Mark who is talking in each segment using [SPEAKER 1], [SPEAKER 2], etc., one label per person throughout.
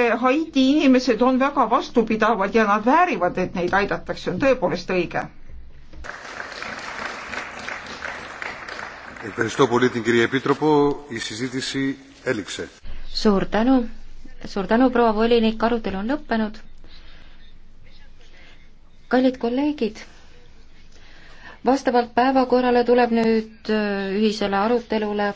[SPEAKER 1] et Haiti inimesed on väga vastupidavad ja nad väärivad, et neid aidatakse, on tõepoolest õige. suur tänu,
[SPEAKER 2] suur tänu, proua volinik, arutelu on lõppenud. kallid kolleegid vastavalt päevakorrale tuleb nüüd äh, ühisele arutelule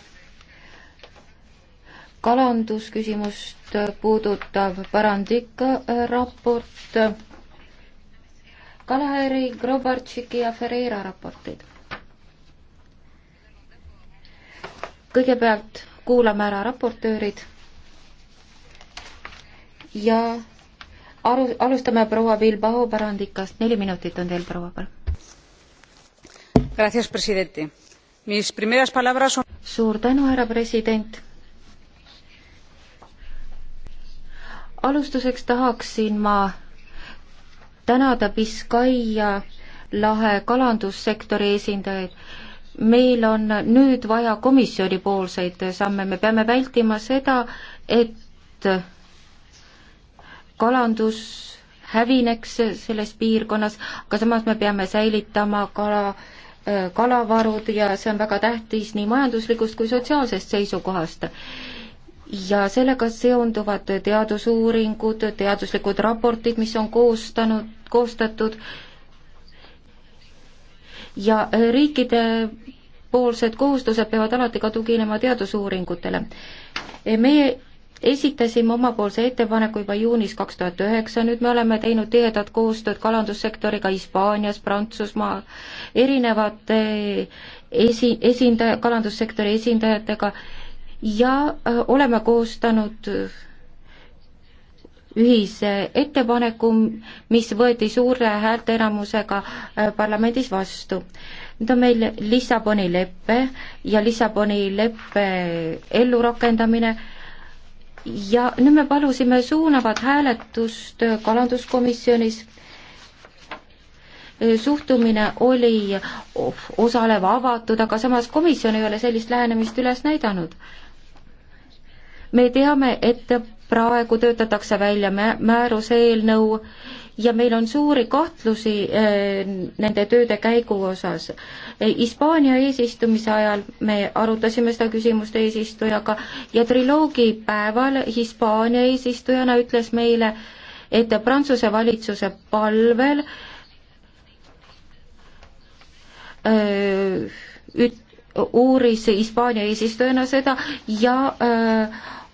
[SPEAKER 2] kalandusküsimust puudutav Barandika äh, raport, Kalaheri, Grobartšiki ja Ferreira raportid. kõigepealt kuulame ära raportöörid ja aru, alustame proua Bilbao Barandikast, neli minutit on teil, proua. suur tänu, härra president alustuseks tahaksin ma tänada Biskaia lahe kalandussektori esindajaid. meil on nüüd vaja komisjonipoolseid samme, me peame vältima seda, et kalandus hävineks selles piirkonnas, aga samas me peame säilitama kala, äh, kalavarud ja see on väga tähtis nii majanduslikust kui sotsiaalsest seisukohast ja sellega seonduvad teadusuuringud, teaduslikud raportid, mis on koostanud, koostatud ja riikide poolsed kohustused peavad alati ka tuginema teadusuuringutele. E, meie esitasime omapoolse ettepaneku juba juunis kaks tuhat üheksa, nüüd me oleme teinud tihedat koostööd kalandussektoriga Hispaanias, Prantsusmaa, erinevate esi, esindaja, kalandussektori esindajatega äh, ja äh, oleme koostanud ühise ettepaneku, mis võeti suure häälteenamusega äh, parlamendis vastu. nüüd on meil Lissaboni lepe ja Lissaboni leppe ellurakendamine ja nüüd me palusime suunavat hääletust äh, kalanduskomisjonis suhtumine oli osalev, avatud, aga samas komisjon ei ole sellist lähenemist üles näidanud me teame, et praegu töötatakse välja määruse eelnõu ja meil on suuri kahtlusi eh, nende tööde käigu osas. Eh, Hispaania eesistumise ajal me arutasime seda küsimust eesistujaga ja triloogi päeval Hispaania eesistujana ütles meile, et Prantsuse valitsuse palvel eh, üt-, uuris Hispaania eesistujana seda ja öö,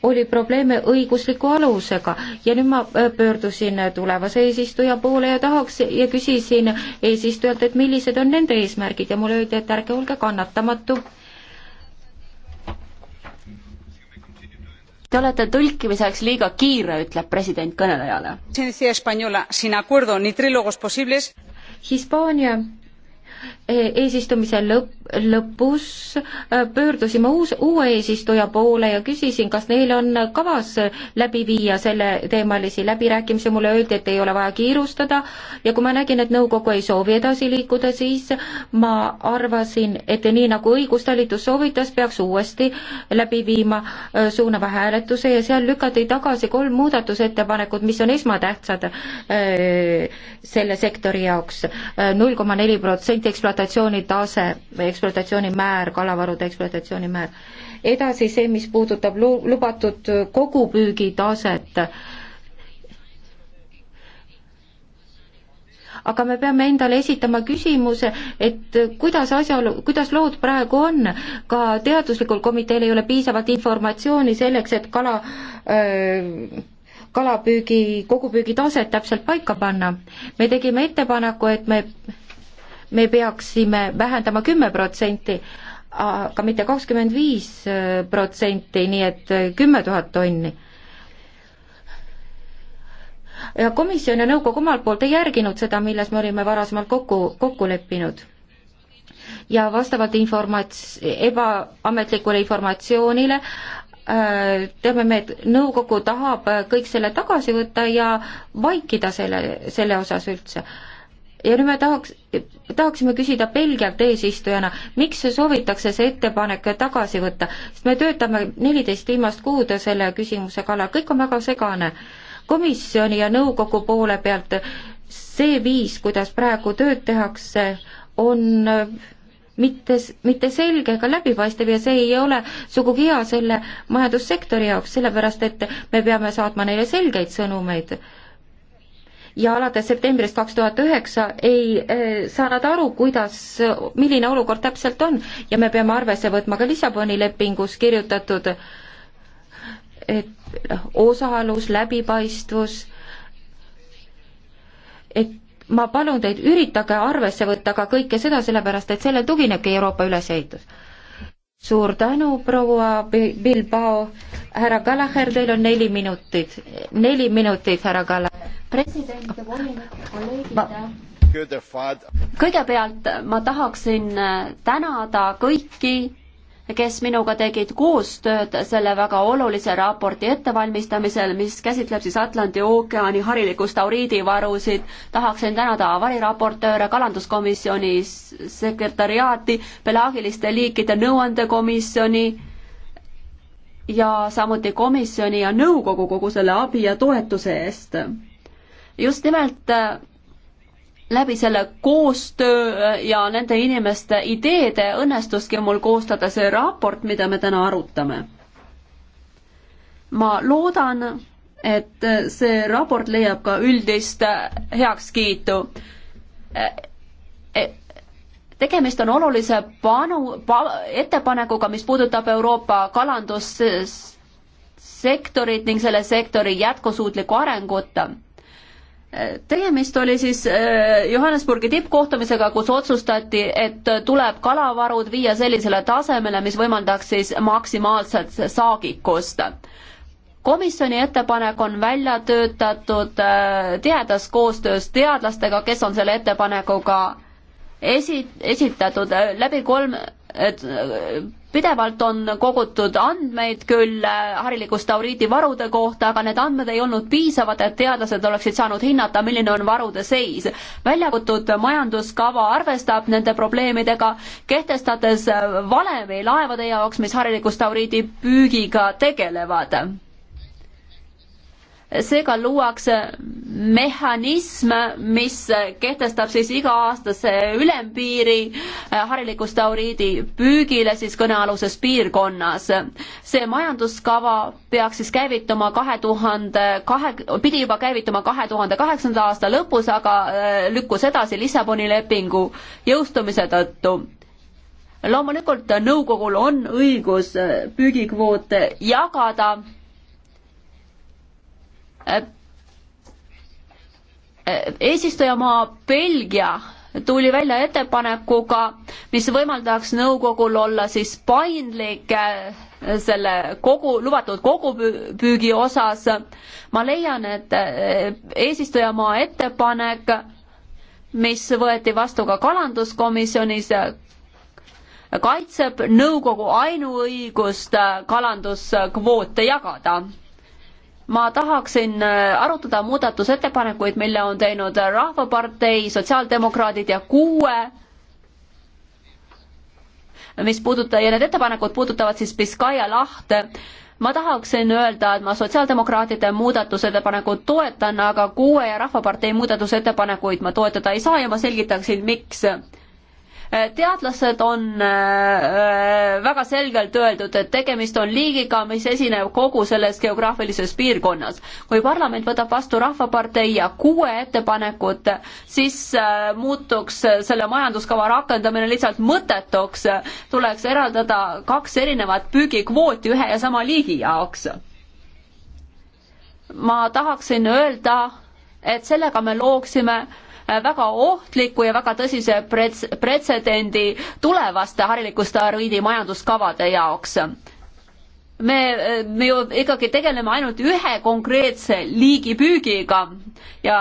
[SPEAKER 2] oli probleeme õigusliku alusega ja nüüd ma äh, pöördusin äh, tulevase eesistuja poole ja tahaks ja küsisin eesistujalt, et millised on nende eesmärgid ja mulle öeldi, et ärge olge kannatamatu.
[SPEAKER 3] Te olete tõlkimiseks liiga kiire, ütleb president kõnelejale.
[SPEAKER 2] Hispaania E-, eesistumise lõpp, lõpus äh, pöördusime uus, uue eesistuja poole ja küsisin, kas neil on kavas läbi viia selleteemalisi läbirääkimisi, mulle öeldi, et ei ole vaja kiirustada ja kui ma nägin, et nõukogu ei soovi edasi liikuda, siis ma arvasin, et nii nagu õigustalitus soovitas, peaks uuesti läbi viima äh, suunava hääletuse ja seal lükati tagasi kolm muudatusettepanekut, mis on esmatähtsad äh, selle sektori jaoks, null koma neli protsenti ekspluatatsiooni ekspluatatsiooni tase, ekspluatatsiooni määr, kalavarude ekspluatatsiooni määr. edasi see, mis puudutab lu-, lubatud kogupüügi taset, aga me peame endale esitama küsimuse, et kuidas asjaolu, kuidas lood praegu on, ka teaduslikul komiteel ei ole piisavalt informatsiooni selleks, et kala öö, kalapüügi, kogupüügi taset täpselt paika panna. me tegime ettepaneku, et me me peaksime vähendama kümme protsenti, aga mitte kakskümmend viis protsenti, nii et kümme tuhat tonni. ja komisjon ja nõukogu omalt poolt ei järginud seda, milles me olime varasemalt kokku, kokku leppinud ja vastavalt informats-, ebaametlikule informatsioonile äh, teame me, et nõukogu tahab kõik selle tagasi võtta ja vaikida selle, selle osas üldse ja nüüd me tahaks, tahaksime küsida Belgialt eesistujana, miks soovitakse see ettepanek tagasi võtta, sest me töötame neliteist viimast kuud selle küsimuse kallal, kõik on väga segane. komisjoni ja nõukogu poole pealt see viis, kuidas praegu tööd tehakse, on mitte, mitte selge ega läbipaistev ja see ei ole sugugi hea selle majandussektori jaoks, sellepärast et me peame saatma neile selgeid sõnumeid ja alates septembrist kaks tuhat üheksa ei eh, saa nad aru, kuidas, milline olukord täpselt on ja me peame arvesse võtma ka Lissaboni lepingus kirjutatud et osalus, läbipaistvus, et ma palun teid, üritage arvesse võtta ka kõike seda, sellepärast et sellel tuginebki Euroopa ülesehitus suur tänu, proua Bilbao. härra Kalaher, teil on neli minutit,
[SPEAKER 3] neli minutit, härra Kala-. president
[SPEAKER 2] ja volinik,
[SPEAKER 4] kolleegid.
[SPEAKER 3] kõigepealt ma tahaksin äh, tänada kõiki kes minuga tegid koostööd selle väga olulise raporti ettevalmistamisel, mis käsitleb siis Atlandi ookeani harilikust tauriidivarusid. tahaksin tänada variraportööre, kalanduskomisjoni sekretariaati, pelaagiliste liikide nõuandekomisjoni ja samuti komisjoni ja nõukogu kogu selle abi ja toetuse eest. just nimelt läbi selle koostöö äh, ja nende inimeste ideede õnnestuski mul koostada see raport, mida me täna arutame. ma loodan, et äh, see raport leiab ka üldist äh, heakskiitu. E, tegemist on olulise panu pa,, ettepanekuga, mis puudutab Euroopa kalandussektorit ning selle sektori jätkusuutlikku arengut tegemist oli siis äh, Johannesburgi tippkohtumisega, kus otsustati, et tuleb kalavarud viia sellisele tasemele, mis võimaldaks siis maksimaalset saagikust. komisjoni ettepanek on välja töötatud äh, tihedas koostöös teadlastega, kes on selle ettepanekuga esi, esitatud äh, läbi kolm, et pidevalt on kogutud andmeid küll äh, harilikus tauriidi varude kohta, aga need andmed ei olnud piisavad, et teadlased oleksid saanud hinnata, milline on varude seis. väljakutud majanduskava arvestab nende probleemidega, kehtestades äh, valemi laevade jaoks, mis harilikus tauriidi püügiga tegelevad seega luuakse mehhanism, mis kehtestab siis iga-aastase ülempiiri äh, harilikus tauriidi püügile siis kõnealuses piirkonnas. see majanduskava peaks siis käivituma kahe tuhande kahe, pidi juba käivituma kahe tuhande kaheksanda aasta lõpus, aga äh, lükkus edasi Lissaboni lepingu jõustumise tõttu loomulikult nõukogul on õigus äh, püügikvoote jagada eesistujamaa Belgia tuli välja ettepanekuga, mis võimaldaks nõukogul olla siis paindlik äh, selle kogu, lubatud kogupüügi osas. ma leian, et äh, eesistujamaa ettepanek, mis võeti vastu ka kalanduskomisjonis, kaitseb nõukogu ainuõigust kalanduskvoote jagada ma tahaksin äh, arutada muudatusettepanekuid, mille on teinud äh, Rahvapartei, Sotsiaaldemokraadid ja kuue, mis puudutab, ja need ettepanekud puudutavad siis Biskaia lahte. ma tahaksin öelda, et ma sotsiaaldemokraatide muudatusettepanekut toetan, aga kuue ja Rahvapartei muudatusettepanekuid ma toetada ei saa ja ma selgitaksin, miks Äh, teadlased on äh, väga selgelt öeldud, et tegemist on liigiga, mis esineb kogu selles geograafilises piirkonnas. kui parlament võtab vastu Rahvapartei ja kuue ettepanekut, siis äh, muutuks selle majanduskava rakendamine lihtsalt mõttetuks, tuleks eraldada kaks erinevat püügikvooti ühe ja sama liigi jaoks. ma tahaksin öelda, et sellega me looksime Äh, väga ohtliku ja väga tõsise prets-, pretsedendi tulevaste harilikus Tariidi majanduskavade jaoks me, äh, me ju ikkagi tegeleme ainult ühe konkreetse liigi püügiga ja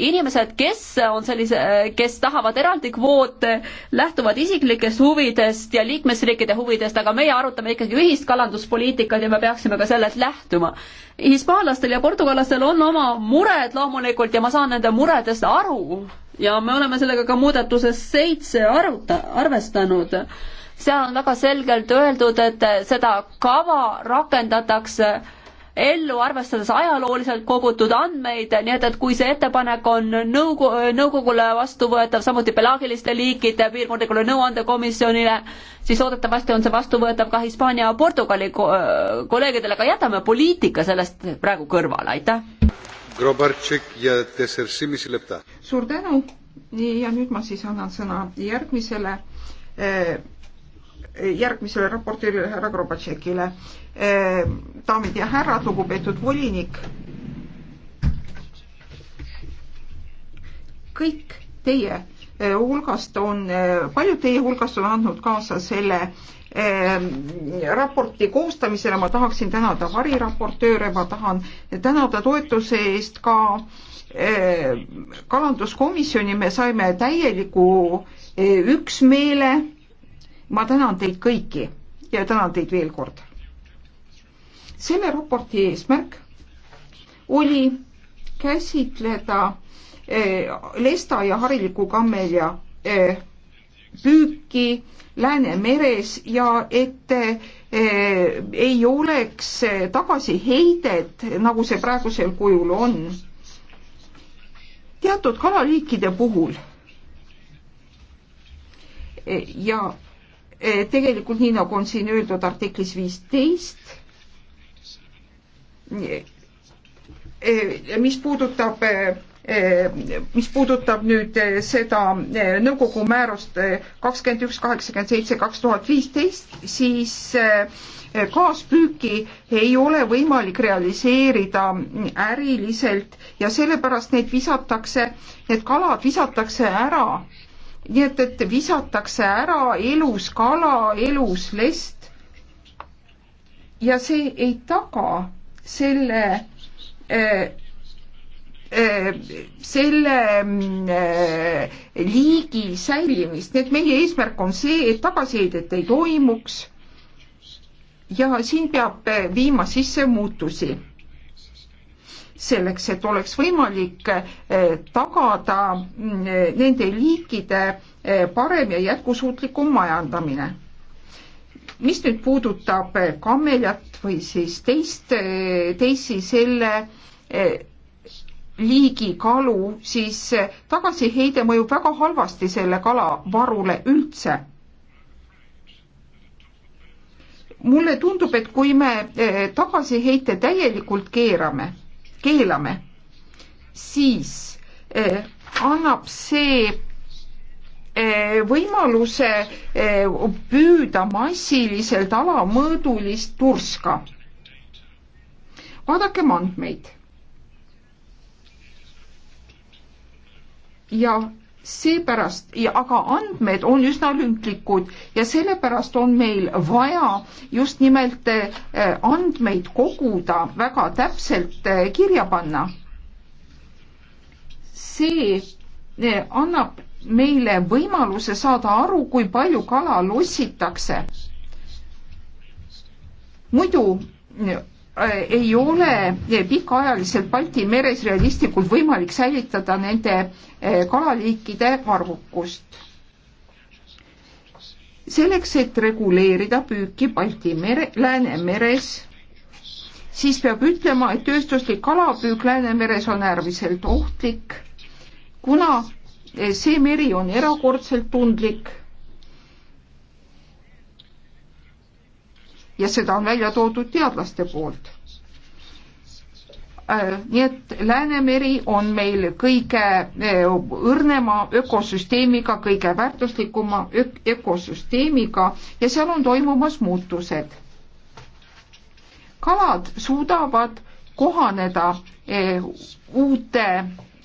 [SPEAKER 3] inimesed, kes on sellise, kes tahavad eraldi kvoote, lähtuvad isiklikest huvidest ja liikmesriikide huvidest, aga meie arutame ikkagi ühist kalanduspoliitikat ja me peaksime ka sellest lähtuma. hispaanlastel ja portugallastel on oma mured loomulikult ja ma saan nende muredest aru ja me oleme sellega ka muudatuses seitse aruta-, arvestanud. seal on väga selgelt öeldud, et seda kava rakendatakse ellu, arvestades ajalooliselt kogutud andmeid, nii et, et kui see ettepanek on nõukogu, nõukogule vastuvõetav, samuti pelaagiliste liikide piirkondlikule nõuandekomisjonile, siis loodetavasti on see vastuvõetav ka Hispaania ja Portugali ko kolleegidele, aga jätame poliitika sellest praegu kõrvale,
[SPEAKER 1] aitäh. suur tänu ja nüüd ma siis annan sõna järgmisele järgmisele raportöörile härra Grobatšekile. Eh, daamid ja härrad, lugupeetud volinik. kõik teie eh, hulgast on, eh, paljud teie hulgast on andnud kaasa selle raporti koostamisele, ma tahaksin tänada variraportööre, ma tahan tänada toetuse eest ka kalanduskomisjoni, me saime täieliku üksmeele. ma tänan teid kõiki ja tänan teid veel kord selle raporti eesmärk oli käsitleda eh, lesta ja hariliku kammelja eh, püüki Läänemeres ja et eh, ei oleks tagasiheidet, nagu see praegusel kujul on. teatud kalaliikide puhul ja tegelikult nii, nagu on siin öeldud artiklis viisteist Eh, mis puudutab eh, eh, mis puudutab nüüd seda nõukogu määrust kakskümmend üks, kaheksakümmend seitse, kaks tuhat viisteist, siis kaaspüüki ei ole võimalik realiseerida äriliselt ja sellepärast neid visatakse, need kalad visatakse ära. nii et, et visatakse ära elus kala, elus lest. ja see ei taga selle äh, äh, selle äh, liigi säilimist, nii et meie eesmärk on see, et tagasiheidet ei toimuks ja siin peab viima sisse muutusi selleks, et oleks võimalik tagada mm, nende liikide parem ja jätkusuutlikum majandamine. mis nüüd puudutab kammeljat, või siis teist, teisi selle eh, liigi kalu, siis eh, tagasiheide mõjub väga halvasti selle kalavarule üldse. mulle tundub, et kui me eh, tagasiheite täielikult keerame, keelame, siis annab see Eh, võimaluse eh, püüda massiliselt alamõõdulist turska. vaadakem andmeid. ja seepärast, aga andmed on üsna lünklikud ja sellepärast on meil vaja just nimelt eh, andmeid koguda, väga täpselt kirja panna. see annab meile võimaluse saada aru, kui palju kala lossitakse. muidu äh, ei ole äh, pikaajaliselt Balti meres realistlikult võimalik säilitada nende äh, kalaliikide arvukust. selleks, et reguleerida püüki Balti mere, Läänemeres, siis peab ütlema, et tööstuslik kalapüük Läänemeres on äärmiselt ohtlik, kuna see meri on erakordselt tundlik. ja seda on välja toodud teadlaste poolt. Äh, nii et Läänemeri on meil kõige äh, õrnema ökosüsteemiga, kõige väärtuslikuma ökosüsteemiga ja seal on toimumas muutused. kalad suudavad kohaneda äh, uute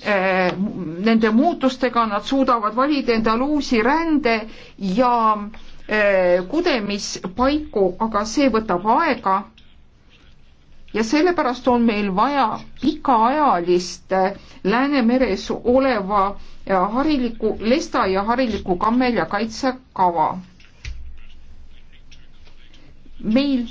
[SPEAKER 1] Äh, nende muutustega, nad suudavad valida endale uusi rände ja äh, kudemispaiku, aga see võtab aega. ja sellepärast on meil vaja pikaajalist äh, Läänemeres oleva harilikku lesta ja harilikku kammelja kaitsekava. meil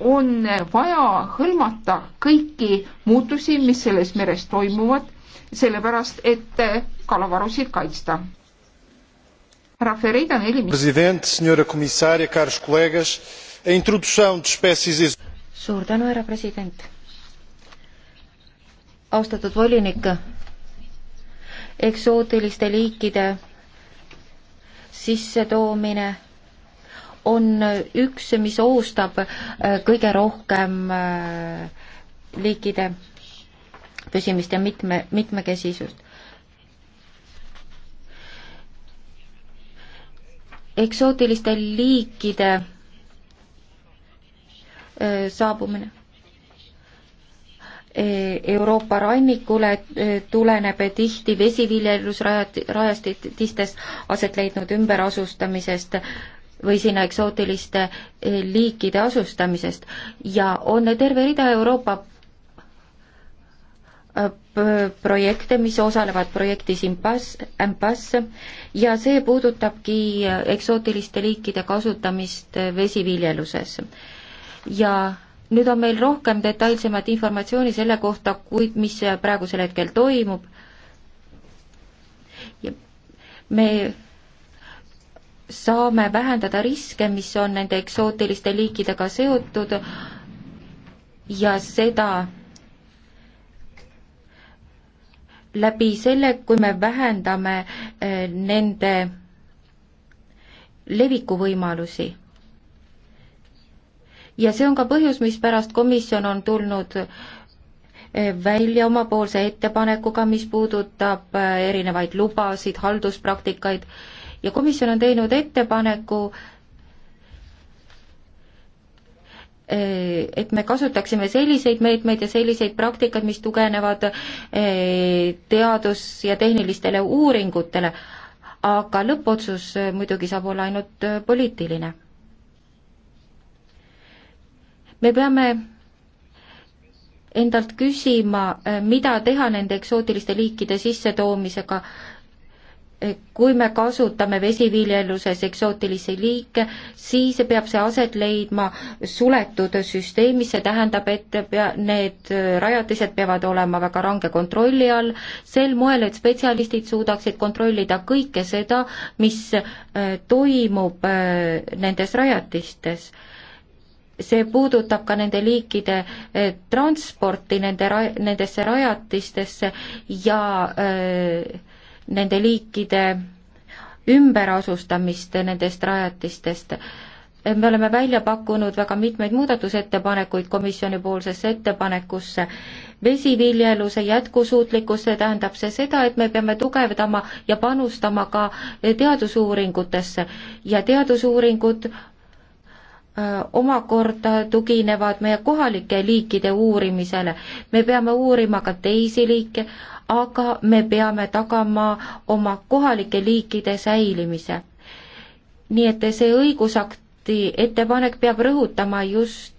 [SPEAKER 1] on vaja hõlmata kõiki muutusi, mis selles meres toimuvad sellepärast, et kalavarusid kaitsta. härra Ferreira, neli
[SPEAKER 4] minutit.
[SPEAKER 2] suur tänu, härra president. austatud volinik, eksootiliste liikide sissetoomine on üks, mis ohustab äh, kõige rohkem äh, liikide püsimist ja mitme, mitmekesisust. eksootiliste liikide saabumine e, Euroopa rannikule tuleneb tihti vesiviljelusrajastitistest aset leidnud ümberasustamisest või sinna eksootiliste e, liikide asustamisest ja on terve rida Euroopa projekte, mis osalevad projektis Impass, Impass ja see puudutabki eksootiliste liikide kasutamist vesiviljeluses. ja nüüd on meil rohkem detailsemat informatsiooni selle kohta, kuid mis praegusel hetkel toimub. me saame vähendada riske, mis on nende eksootiliste liikidega seotud ja seda läbi selle, kui me vähendame eh, nende levikuvõimalusi. ja see on ka põhjus, mispärast komisjon on tulnud eh, välja omapoolse ettepanekuga, mis puudutab eh, erinevaid lubasid, halduspraktikaid ja komisjon on teinud ettepaneku et me kasutaksime selliseid meetmeid ja selliseid praktikaid, mis tugevnevad eh, teadus- ja tehnilistele uuringutele, aga lõppotsus eh, muidugi saab olla ainult eh, poliitiline. me peame endalt küsima, mida teha nende eksootiliste liikide sissetoomisega kui me kasutame vesiviljeluses eksootilisi liike, siis peab see aset leidma suletud süsteemis, see tähendab, et pea, need rajatised peavad olema väga range kontrolli all, sel moel, et spetsialistid suudaksid kontrollida kõike seda, mis äh, toimub äh, nendes rajatistes see puudutab ka nende liikide äh, transporti nende ra-, nendesse rajatistesse ja öö, nende liikide ümberasustamist nendest rajatistest. me oleme välja pakkunud väga mitmeid muudatusettepanekuid komisjonipoolsesse ettepanekusse. vesiviljeluse jätkusuutlikkus, see tähendab see seda, et me peame tugevdama ja panustama ka teadusuuringutesse ja teadusuuringud äh, omakorda tuginevad meie kohalike liikide uurimisele. me peame uurima ka teisi liike, aga me peame tagama oma kohalike liikide säilimise. nii et see õigusakti ettepanek peab rõhutama just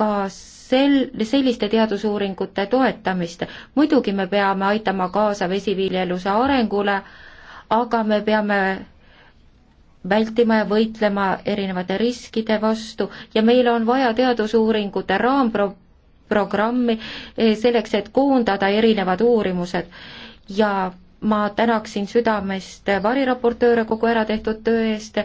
[SPEAKER 2] ka sel-, selliste teadusuuringute toetamist. muidugi me peame aitama kaasa vesiviljeluse arengule, aga me peame vältima ja võitlema erinevate riskide vastu ja meil on vaja teadusuuringute raampro-, programmi eh, selleks, et koondada erinevad uurimused ja ma tänaksin südamest variraportööre kogu ära tehtud töö eest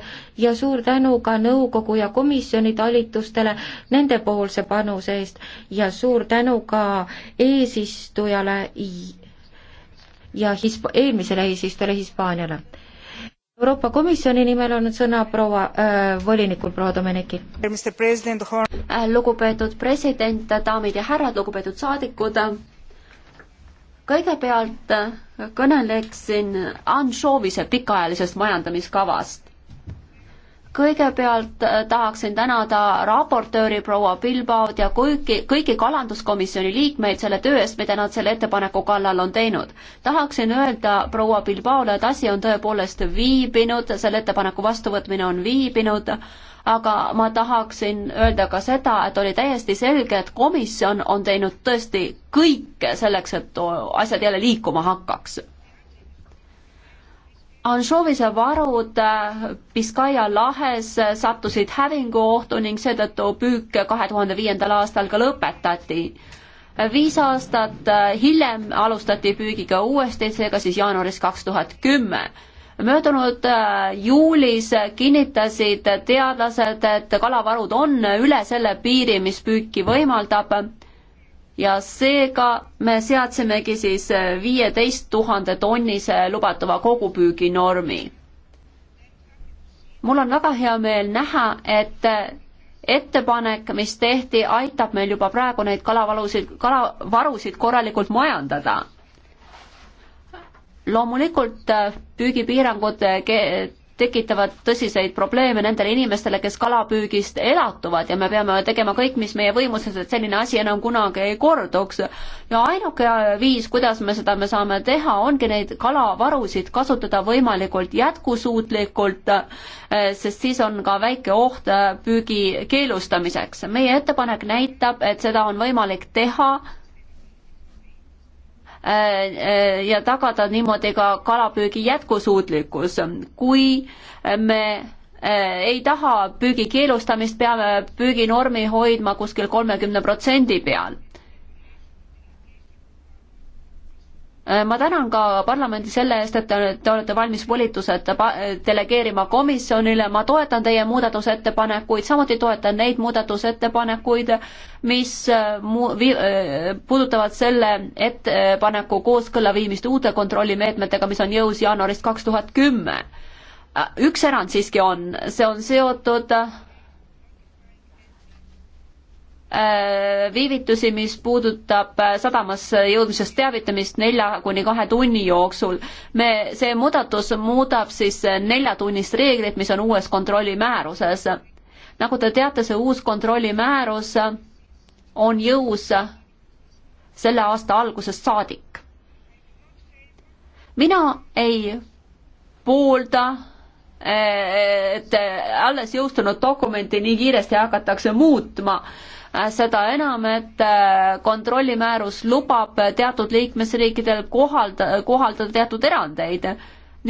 [SPEAKER 2] ja suur tänu ka nõukogu ja komisjoni talitustele nendepoolse panuse eest ja suur tänu ka eesistujale ja hisp-, eelmisele eesistujale Hispaaniale. Euroopa Komisjoni nimel on nüüd sõna proua äh, volinikul, proua Domeneki.
[SPEAKER 3] Äh, lugupeetud president, daamid ja härrad, lugupeetud saadikud, kõigepealt äh, kõneleksin Anšoovise pikaajalisest majandamiskavast kõigepealt äh, tahaksin tänada raportööri proua Bilbaod ja kõiki, kõiki kalanduskomisjoni liikmeid selle töö eest, mida nad selle ettepaneku kallal on teinud. tahaksin öelda proua Bilbaole, et asi on tõepoolest viibinud, selle ettepaneku vastuvõtmine on viibinud, aga ma tahaksin öelda ka seda, et oli täiesti selge, et komisjon on teinud tõesti kõike selleks, et asjad jälle liikuma hakkaks Anšoovise varud äh, Biskaia lahes äh, sattusid hävinguohtu ning seetõttu püük kahe tuhande viiendal aastal ka lõpetati. Äh, viis aastat hiljem alustati püügiga uuesti, seega siis jaanuaris kaks tuhat kümme möödunud juulis kinnitasid teadlased, et kalavarud on üle selle piiri, mis püüki võimaldab ja seega me seadsimegi siis äh, viieteist tuhande tonnise lubatava kogupüüginormi. mul on väga hea meel näha, et äh, ettepanek, mis tehti, aitab meil juba praegu neid kalavalusid, kalavarusid korralikult majandada. loomulikult äh, püügipiirangud tekitavad tõsiseid probleeme nendele inimestele, kes kalapüügist elatuvad ja me peame tegema kõik, mis meie võimuses, et selline asi enam kunagi ei korduks. ja ainuke viis, kuidas me seda me saame teha, ongi neid kalavarusid kasutada võimalikult jätkusuutlikult, sest siis on ka väike oht püügi keelustamiseks. meie ettepanek näitab, et seda on võimalik teha Äh, äh, ja tagada niimoodi ka kalapüügi jätkusuutlikkus. kui me äh, ei taha püügi keelustamist, peame püüginormi hoidma kuskil kolmekümne protsendi peal Äh, ma tänan ka parlamendi selle eest, et te olete valmis volitused delegeerima komisjonile, ma toetan teie muudatusettepanekuid, samuti toetan neid muudatusettepanekuid, mis äh, mu-, vi-, äh, puudutavad selle ettepaneku kooskõlla viimist uute kontrollimeetmetega, mis on jõus jaanuarist kaks tuhat kümme. üks erand siiski on, see on seotud Äh, viivitusi, mis puudutab äh, sadamasse jõudmisest teavitamist nelja kuni kahe tunni jooksul. me, see muudatus muudab siis neljatunnist reeglit, mis on uues kontrollimääruses. nagu te teate, see uus kontrollimäärus on jõus selle aasta algusest saadik. mina ei poolda äh, et alles jõustunud dokumenti nii kiiresti hakatakse muutma Äh, seda enam, et äh, kontrollimäärus lubab teatud liikmesriikidel kohalda, kohaldada teatud erandeid.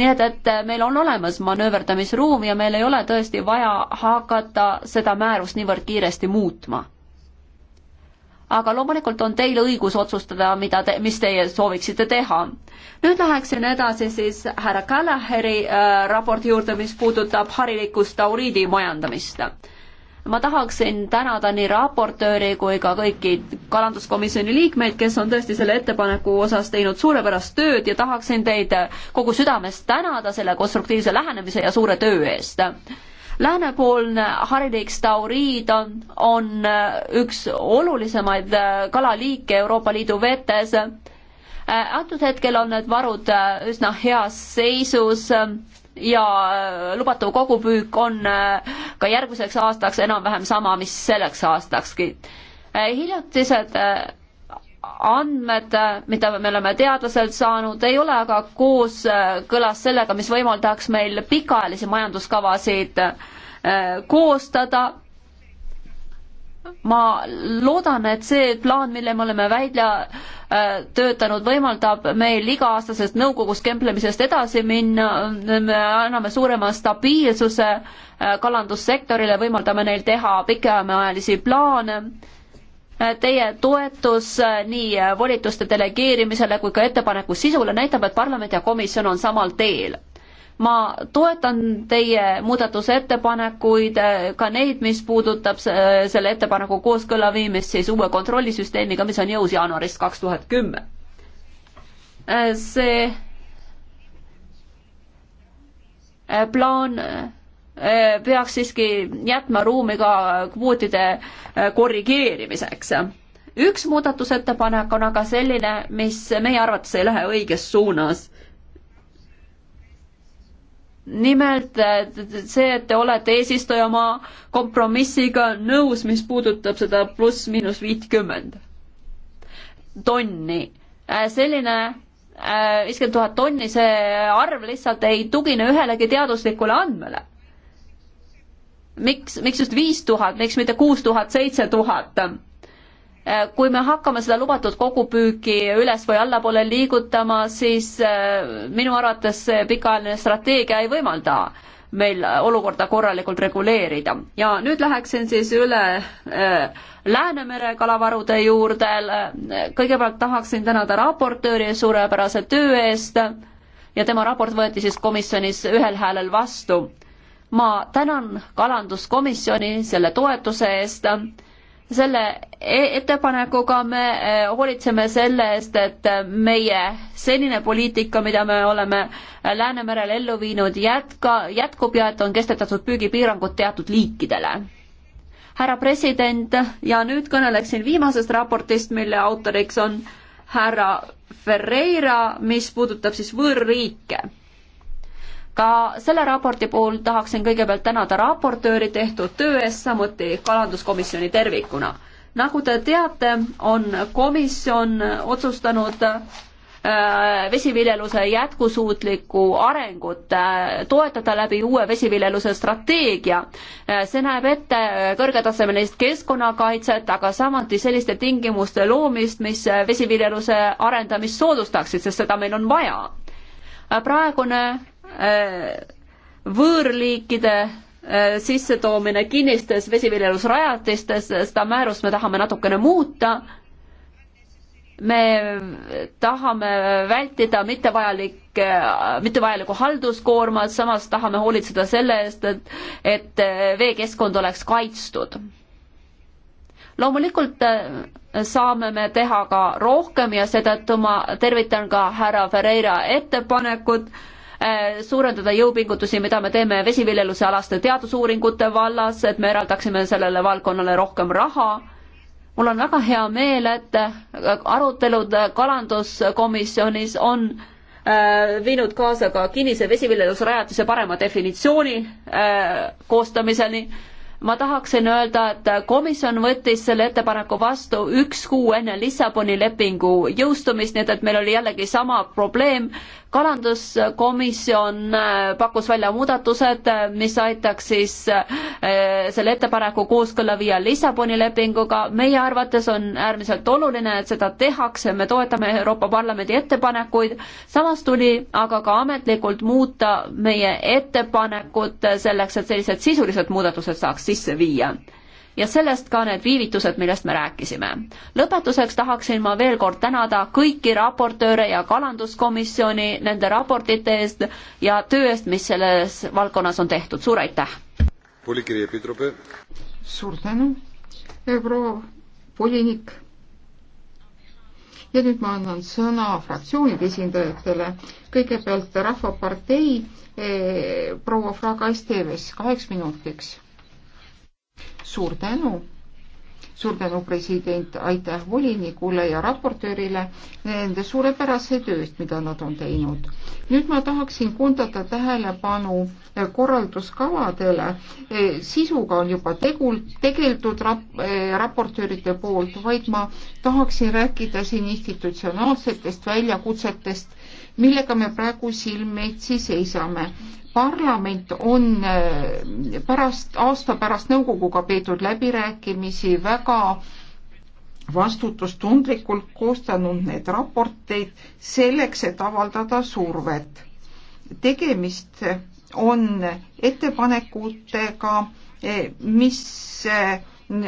[SPEAKER 3] nii et, et äh, meil on olemas manööverdamisruum ja meil ei ole tõesti vaja hakata seda määrust niivõrd kiiresti muutma. aga loomulikult on teil õigus otsustada, mida te, mis teie sooviksite teha. nüüd läheksin edasi siis härra Kallaheri äh, raporti juurde, mis puudutab harilikust tauriidi majandamist ma tahaksin tänada nii raportööri kui ka kõiki kalanduskomisjoni liikmeid, kes on tõesti selle ettepaneku osas teinud suurepärast tööd ja tahaksin teid kogu südamest tänada selle konstruktiivse lähenemise ja suure töö eest. Läänepoolne harilik stauriid on, on üks olulisemaid kalaliike Euroopa Liidu vetes. Äh, antud hetkel on need varud äh, üsna heas seisus ja äh, lubatav kogupüük on äh, ka järgmiseks aastaks enam-vähem sama, mis selleks aastakski. Äh, hiljutised andmed, mida me oleme teadlaselt saanud, ei ole aga kooskõlas sellega, mis võimaldaks meil pikaajalisi majanduskavasid koostada ma loodan, et see plaan, mille me oleme välja äh, töötanud, võimaldab meil iga-aastasest nõukogus kemplemisest edasi minna, me anname suurema stabiilsuse äh, kalandussektorile, võimaldame neil teha pikemaajalisi plaane. Äh, teie toetus nii volituste delegeerimisele kui ka ettepaneku sisule näitab, et parlament ja komisjon on samal teel ma toetan teie muudatusettepanekuid, eh, ka neid, mis puudutab eh, selle ettepaneku kooskõla viimist siis uue kontrollisüsteemiga, mis on jõus jaanuarist kaks tuhat kümme. Eh, see plaan peaks siiski jätma ruumi ka kvootide korrigeerimiseks. üks muudatusettepanek on aga selline, mis meie arvates ei lähe õiges suunas nimelt äh, see, et te olete eesistuja oma kompromissiga nõus, mis puudutab seda pluss-miinus viitkümmend tonni. Äh, selline äh, viiskümmend tuhat tonni, see arv lihtsalt ei tugine ühelegi teaduslikule andmele. miks, miks just viis tuhat, miks mitte kuus tuhat, seitse tuhat? Äh, kui me hakkame seda lubatud kogupüüki üles või allapoole liigutama, siis äh, minu arvates see pikaajaline strateegia ei võimalda meil olukorda korralikult reguleerida. ja nüüd läheksin siis üle äh, Läänemere kalavarude juurde. kõigepealt tahaksin tänada raportööri suurepärase töö eest ja tema raport võeti siis komisjonis ühel häälel vastu. ma tänan kalanduskomisjoni selle toetuse eest selle e-, ettepanekuga me e, hoolitseme selle eest, et meie senine poliitika, mida me oleme Läänemerel ellu viinud, jätka, jätkub ja et on kestetatud püügipiirangud teatud liikidele. härra president, ja nüüd kõneleksin viimasest raportist, mille autoriks on härra Ferreira, mis puudutab siis võõrriike ka selle raporti puhul tahaksin kõigepealt tänada raportööri tehtud töö eest, samuti kalanduskomisjoni tervikuna. nagu te teate, on komisjon otsustanud äh, vesiviljeluse jätkusuutlikku arengut äh, toetada läbi uue vesiviljeluse strateegia. Äh, see näeb ette kõrgetasemelist keskkonnakaitset, aga samuti selliste tingimuste loomist, mis vesiviljeluse arendamist soodustaksid, sest seda meil on vaja. praegune Äh, võõrliikide äh, sissetoomine kinnistes vesiviljelusrajatistes, seda määrust me tahame natukene muuta. me tahame vältida mittevajalikke, äh, mittevajalikku halduskoormat, samas tahame hoolitseda selle eest, et, et veekeskkond oleks kaitstud. loomulikult saame me teha ka rohkem ja seetõttu ma tervitan ka härra Ferreira ettepanekut Äh, suurendada jõupingutusi, mida me teeme vesiviljeluse alaste teadusuuringute vallas, et me eraldaksime sellele valdkonnale rohkem raha. mul on väga hea meel, et äh, arutelud äh, kalanduskomisjonis on viinud kaasa ka kinnise vesiviljelusrajatise parema definitsiooni koostamiseni ma tahaksin öelda, et komisjon võttis selle ettepaneku vastu üks kuu enne Lissaboni lepingu jõustumist, nii et, et meil oli jällegi sama probleem, kalanduskomisjon äh, pakkus välja muudatused, äh, mis aitaks siis äh, selle ettepaneku kooskõlla viia Lissaboni lepinguga. meie arvates on äärmiselt oluline, et seda tehakse, me toetame Euroopa Parlamendi ettepanekuid. samas tuli aga ka ametlikult muuta meie ettepanekut selleks, et sellised sisulised muudatused saaks sisse viia ja sellest ka need viivitused, millest me rääkisime. lõpetuseks tahaksin ma veel kord tänada kõiki raportööre ja kalanduskomisjoni nende raportite eest ja töö eest, mis selles valdkonnas on tehtud, suur aitäh!
[SPEAKER 1] suur tänu, eh, proua volinik. ja nüüd ma annan sõna fraktsioonide esindajatele, kõigepealt Rahvapartei eh, proua Fraga Esteves kaheks minutiks suur tänu, suur tänu, president, aitäh volinikule ja raportöörile nende suurepärase tööst, mida nad on teinud. nüüd ma tahaksin koondada tähelepanu korralduskavadele. E, sisuga on juba tegul, tegeldud rap, e, raportööride poolt, vaid ma tahaksin rääkida siin institutsionaalsetest väljakutsetest millega me praegu silmitsi seisame parlament on äh, pärast, aasta pärast nõukoguga peetud läbirääkimisi väga vastutustundlikult koostanud need raporteid selleks, et avaldada survet. tegemist on ettepanekutega, eh, mis eh,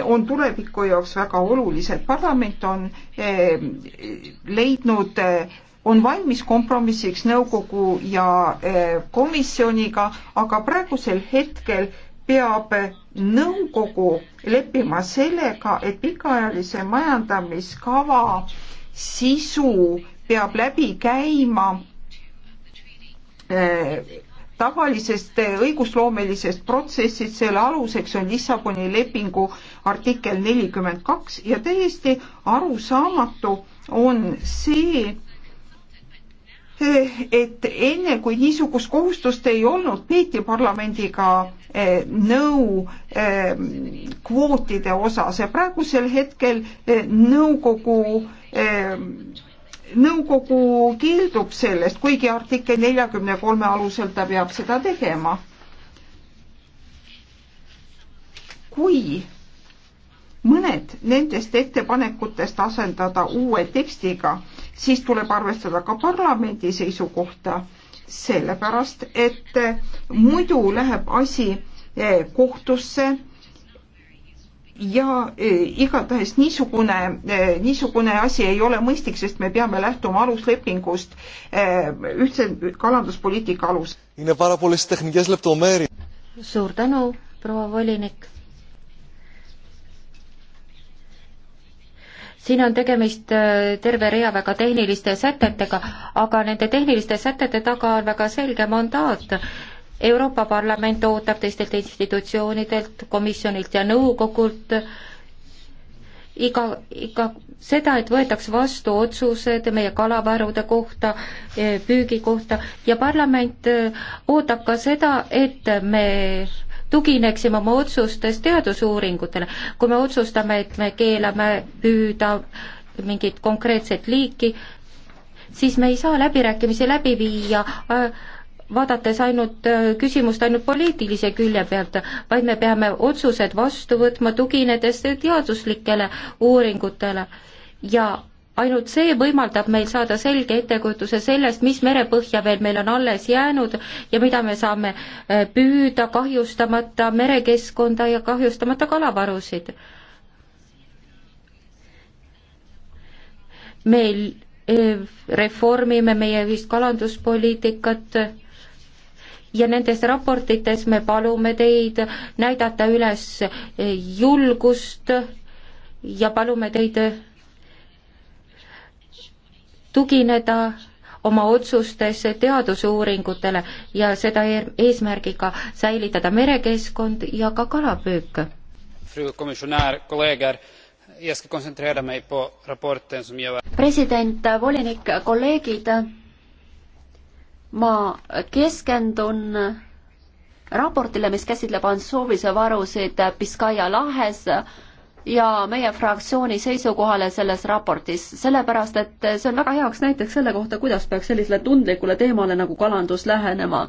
[SPEAKER 1] on tuleviku jaoks väga olulised. parlament on eh, leidnud on valmis kompromissiks nõukogu ja eh, komisjoniga, aga praegusel hetkel peab eh, nõukogu leppima sellega, et pikaajalise majandamiskava sisu peab läbi käima eh, tavalisest õigusloomelisest protsessist, selle aluseks on Lissaboni lepingu artikkel nelikümmend kaks ja täiesti arusaamatu on see, et enne, kui niisugust kohustust ei olnud, peeti parlamendiga eh, nõu eh, kvootide osas ja praegusel hetkel eh, nõukogu nõukogu keeldub sellest, kuigi artikkel neljakümne kolme alusel ta peab seda tegema. kui mõned nendest ettepanekutest asendada uue tekstiga, siis tuleb arvestada ka parlamendi seisukohta, sellepärast et muidu läheb asi eh, kohtusse ja eh, igatahes niisugune, eh, niisugune asi ei ole mõistlik, sest me peame lähtuma aluslepingust, ühtse kalanduspoliitika alus. suur tänu,
[SPEAKER 2] proua volinik siin on tegemist äh, terve rea väga tehniliste sätetega, aga nende tehniliste sätete taga on väga selge mandaat. Euroopa Parlament ootab teistelt institutsioonidelt, komisjonilt ja nõukogult iga, iga seda, et võetaks vastu otsused meie kalavarude kohta, äh, püügi kohta ja parlament äh, ootab ka seda, et me tugineksime oma otsustes teadusuuringutele. kui me otsustame, et me keelame püüda mingit konkreetset liiki, siis me ei saa läbirääkimisi läbi viia äh, vaadates ainult äh, küsimust ainult poliitilise külje pealt, vaid me peame otsused vastu võtma, tuginedes teaduslikele uuringutele ja ainult see võimaldab meil saada selge ettekujutuse sellest, mis merepõhja veel meil on alles jäänud ja mida me saame äh, püüda, kahjustamata merekeskkonda ja kahjustamata kalavarusid. meil äh, reformime meie ühist kalanduspoliitikat ja nendes raportites me palume teid näidata üles äh, julgust ja palume teid tugineda oma otsustes teadusuuringutele ja seda e-, eesmärgiga säilitada merekeskkond ja ka kalapüük.
[SPEAKER 3] president, volinik, kolleegid, ma keskendun raportile, mis käsitleb Ansoovise varusid Piskaia lahes ja meie fraktsiooni seisukohale selles raportis, sellepärast et see on väga heaks näiteks selle kohta, kuidas peaks sellisele tundlikule teemale nagu kalandus lähenema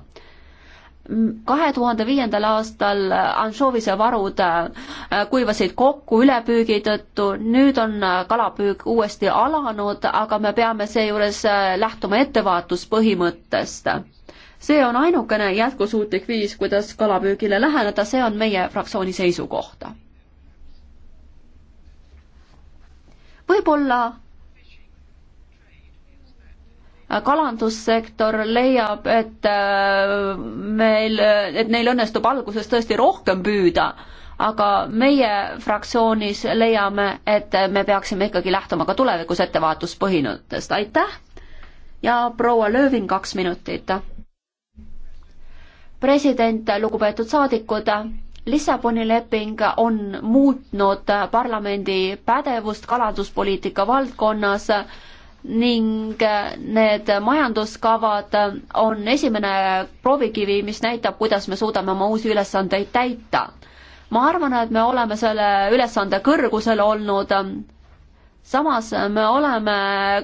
[SPEAKER 3] kahe tuhande viiendal aastal ansoovise varud äh, kuivasid kokku ülepüügi tõttu, nüüd on kalapüük uuesti alanud, aga me peame seejuures äh, lähtuma ettevaatuspõhimõttest. see on ainukene jätkusuutlik viis, kuidas kalapüügile läheneda, see on meie fraktsiooni seisukoht võib-olla kalandussektor leiab, et äh, meil, et neil õnnestub alguses tõesti rohkem püüda, aga meie fraktsioonis leiame, et me peaksime ikkagi lähtuma ka tulevikus ettevaatuspõhinutest, aitäh! ja proua Löövin kaks minutit. president, lugupeetud saadikud Lissaboni leping on muutnud parlamendi pädevust kalanduspoliitika valdkonnas ning need majanduskavad on esimene proovikivi, mis näitab, kuidas me suudame oma uusi ülesandeid täita. ma arvan, et me oleme selle ülesande kõrgusel olnud, samas me oleme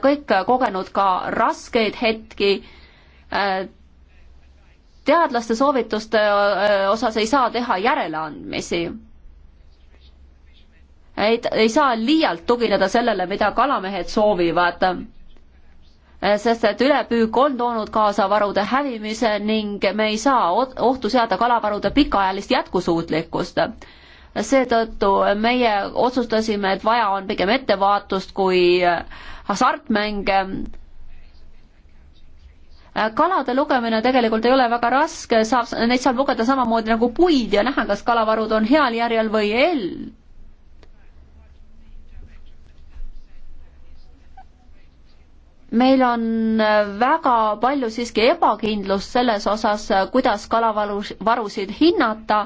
[SPEAKER 3] kõik kogenud ka raskeid hetki, teadlaste soovituste osas ei saa teha järeleandmisi. ei, ei saa liialt tugineda sellele, mida kalamehed soovivad, sest et ülepüük on toonud kaasa varude hävimise ning me ei saa ohtu seada kalavarude pikaajalist jätkusuutlikkust seetõttu meie otsustasime, et vaja on pigem ettevaatust kui hasartmänge Äh, kalade lugemine tegelikult ei ole väga raske, saab, neid saab lugeda samamoodi nagu puid ja näha, kas kalavarud on heal järjel või ei. meil on äh, väga palju siiski ebakindlust selles osas, äh, kuidas kalavarus, varusid hinnata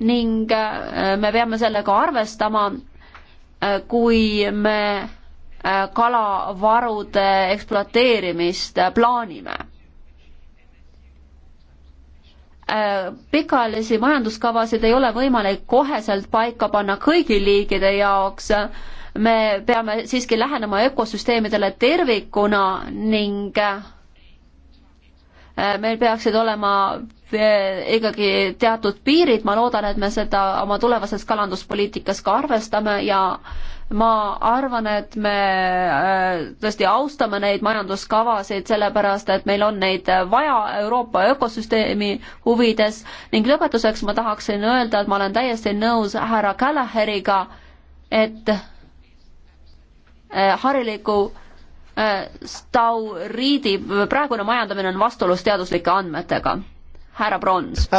[SPEAKER 3] ning me peame sellega arvestama, kui me kalavarude ekspluateerimist plaanime Äh, pikaajalisi majanduskavasid ei ole võimalik koheselt paika panna kõigi liigide jaoks. me peame siiski lähenema ökosüsteemidele tervikuna ning äh, meil peaksid olema äh, ikkagi teatud piirid, ma loodan, et me seda oma tulevases kalanduspoliitikas ka arvestame ja ma arvan, et me äh, tõesti austame neid majanduskavasid, sellepärast et meil on neid vaja Euroopa ökosüsteemi huvides ning lõpetuseks ma tahaksin öelda, et ma olen täiesti nõus härra Kälaheriga, et äh, hariliku äh, Stauriidi praegune majandamine on vastuolus teaduslike andmetega.
[SPEAKER 1] härra Brons uh,.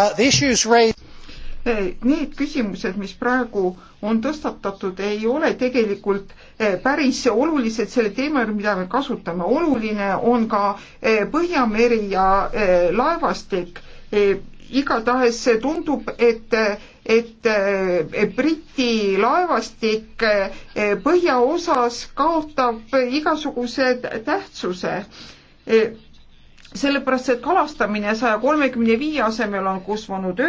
[SPEAKER 1] Need küsimused, mis praegu uh, on tõstatatud, ei ole tegelikult eh, päris olulised selle teema juurde, mida me kasutame. oluline on ka eh, Põhjameri ja eh, laevastik. igatahes tundub, et et Briti laevastik põhjaosas kaotab igasuguse tähtsuse sellepärast, et kalastamine saja kolmekümne viie asemel on kusvanud,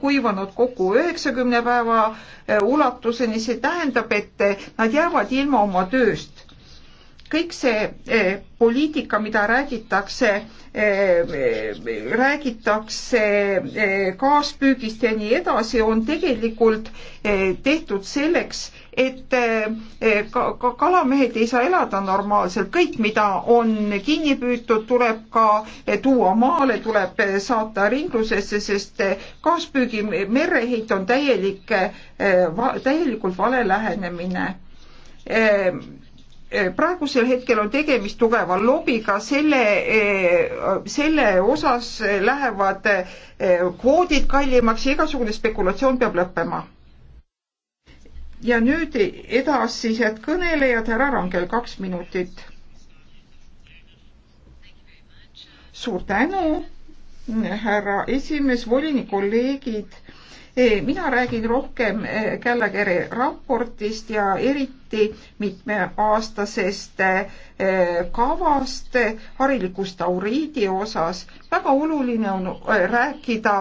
[SPEAKER 1] kuivanud kokku üheksakümne päeva äh, ulatuseni, see tähendab, et äh, nad jäävad ilma oma tööst. kõik see eh, poliitika, mida räägitakse eh,, räägitakse eh, kaaspüügist ja nii edasi, on tegelikult tehtud selleks, et eh, ka kalamehed ei saa elada normaalselt, kõik, mida on kinni püütud, tuleb ka eh, tuua maale, tuleb eh, saata ringlusesse, sest kaaspüügi mereheit on täielik, täielikult vale lähenemine praegusel hetkel on tegemist tugeva lobiga, selle, selle osas lähevad kvoodid kallimaks ja igasugune spekulatsioon peab lõppema ja nüüd edasised kõnelejad, härra Rangel, kaks minutit. suur tänu, härra esimees, volinik, kolleegid e, mina räägin rohkem e, Källageri raportist ja eriti mitmeaastasest e, kavast harilikust tauriidi osas. väga oluline on rääkida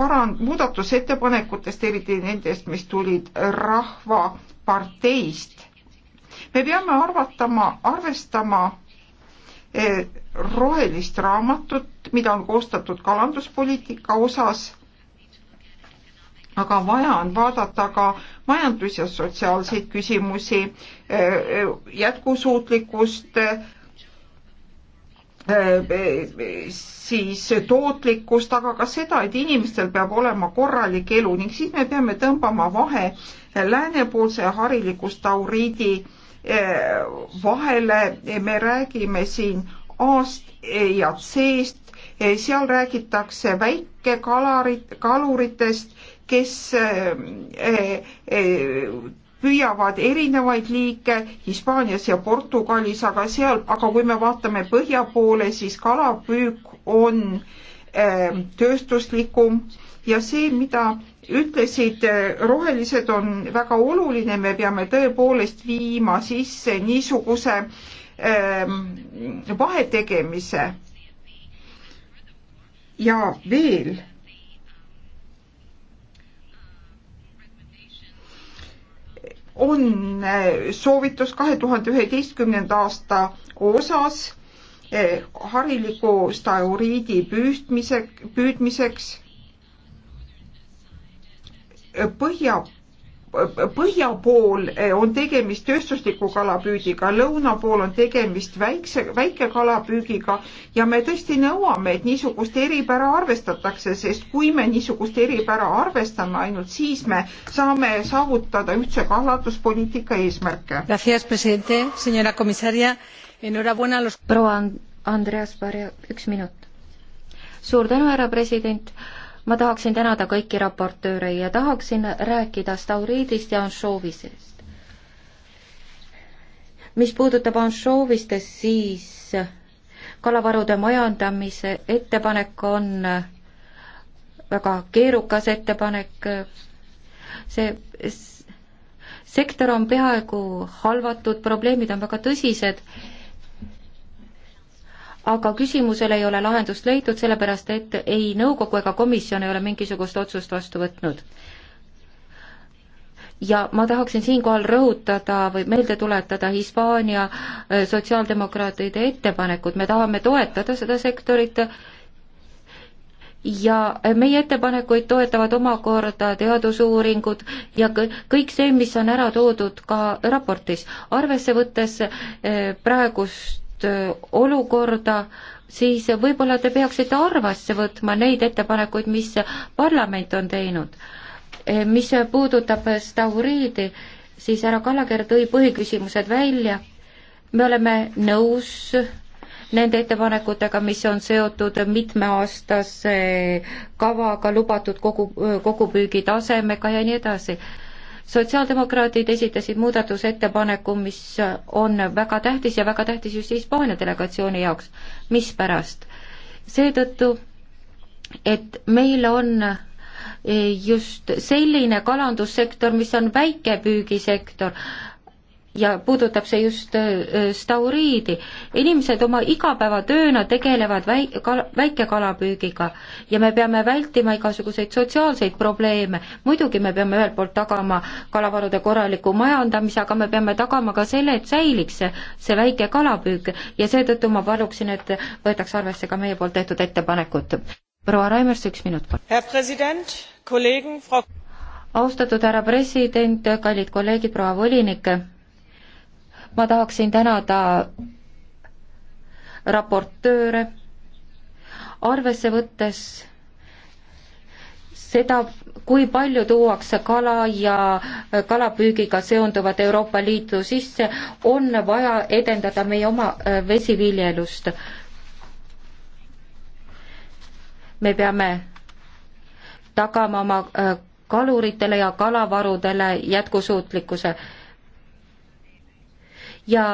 [SPEAKER 1] paran-, muudatusettepanekutest, eriti nendest, mis tulid Rahvaparteist. me peame arvatama, arvestama eh, rohelist raamatut, mida on koostatud kalanduspoliitika osas, aga vaja on vaadata ka majandus- ja sotsiaalseid küsimusi, eh, eh, jätkusuutlikkust, Äh, äh, siis tootlikkust, aga ka seda, et inimestel peab olema korralik elu ning siis me peame tõmbama vahe läänepoolse ja harilikus tauriidi äh, vahele. me räägime siin A-st ja C-st, seal räägitakse väikekalarit, kaluritest, kes püüavad erinevaid liike Hispaanias ja Portugalis, aga seal, aga kui me vaatame põhja poole, siis kalapüük on äh, tööstuslikum ja see, mida ütlesid äh, rohelised, on väga oluline, me peame tõepoolest viima sisse niisuguse ähm, vahetegemise. ja veel on soovitus kahe tuhande üheteistkümnenda aasta osas eh, hariliku stauriidi püüdmise, püüdmiseks Põhja põhja pool eh, on tegemist tööstusliku kalapüügiga, lõuna pool on tegemist väikse, väikekalapüügiga ja me tõesti nõuame, et niisugust eripära arvestatakse, sest kui me niisugust eripära arvestame, ainult siis me saame saavutada ühtse kalanduspoliitika eesmärke.
[SPEAKER 2] proua Andreas Varja, üks minut. suur tänu, härra president ma tahaksin tänada kõiki raportööre ja tahaksin rääkida stauriidist ja anšoovisest. mis puudutab anšoovistest, siis kalavarude majandamise ettepanek on väga keerukas ettepanek, see sektor on peaaegu halvatud, probleemid on väga tõsised aga küsimusele ei ole lahendust leitud, sellepärast et ei nõukogu ega komisjon ei ole mingisugust otsust vastu võtnud. ja ma tahaksin siinkohal rõhutada või meelde tuletada Hispaania äh, sotsiaaldemokraatide ettepanekut, me tahame toetada seda sektorit ja äh, meie ettepanekuid toetavad omakorda teadusuuringud ja kõik see, mis on ära toodud ka raportis. arvesse võttes äh, praegust praegust olukorda, siis võib-olla te peaksite arvesse võtma neid ettepanekuid, mis parlament on teinud. E, mis puudutab Stauriidi, siis härra Kallager tõi põhiküsimused välja, me oleme nõus nende ettepanekutega, mis on seotud mitmeaastase kavaga, lubatud kogu, kogupüügi tasemega ja nii edasi sotsiaaldemokraadid esitasid muudatusettepaneku, mis on väga tähtis ja väga tähtis just Hispaania delegatsiooni jaoks. mispärast? seetõttu, et meil on just selline kalandussektor, mis on väikepüügisektor, ja puudutab see just äh, stauriidi. inimesed oma igapäevatööna tegelevad väi-, kal-, väikekalapüügiga ja me peame vältima igasuguseid sotsiaalseid probleeme. muidugi me peame ühelt poolt tagama kalavarude korraliku majandamise, aga me peame tagama ka selle, et säiliks see, see väike kalapüük ja seetõttu ma paluksin, et võetaks arvesse ka meie poolt tehtud ettepanekut. proua Raimers,
[SPEAKER 5] üks minut palun. härra president, kolleegid,
[SPEAKER 2] austatud härra president, kallid kolleegid, proua volinik ma tahaksin tänada raportööre, arvesse võttes seda, kui palju tuuakse kala ja kalapüügiga seonduvad Euroopa Liitu sisse, on vaja edendada meie oma äh, vesiviljelust. me peame tagama oma äh, kaluritele ja kalavarudele jätkusuutlikkuse ja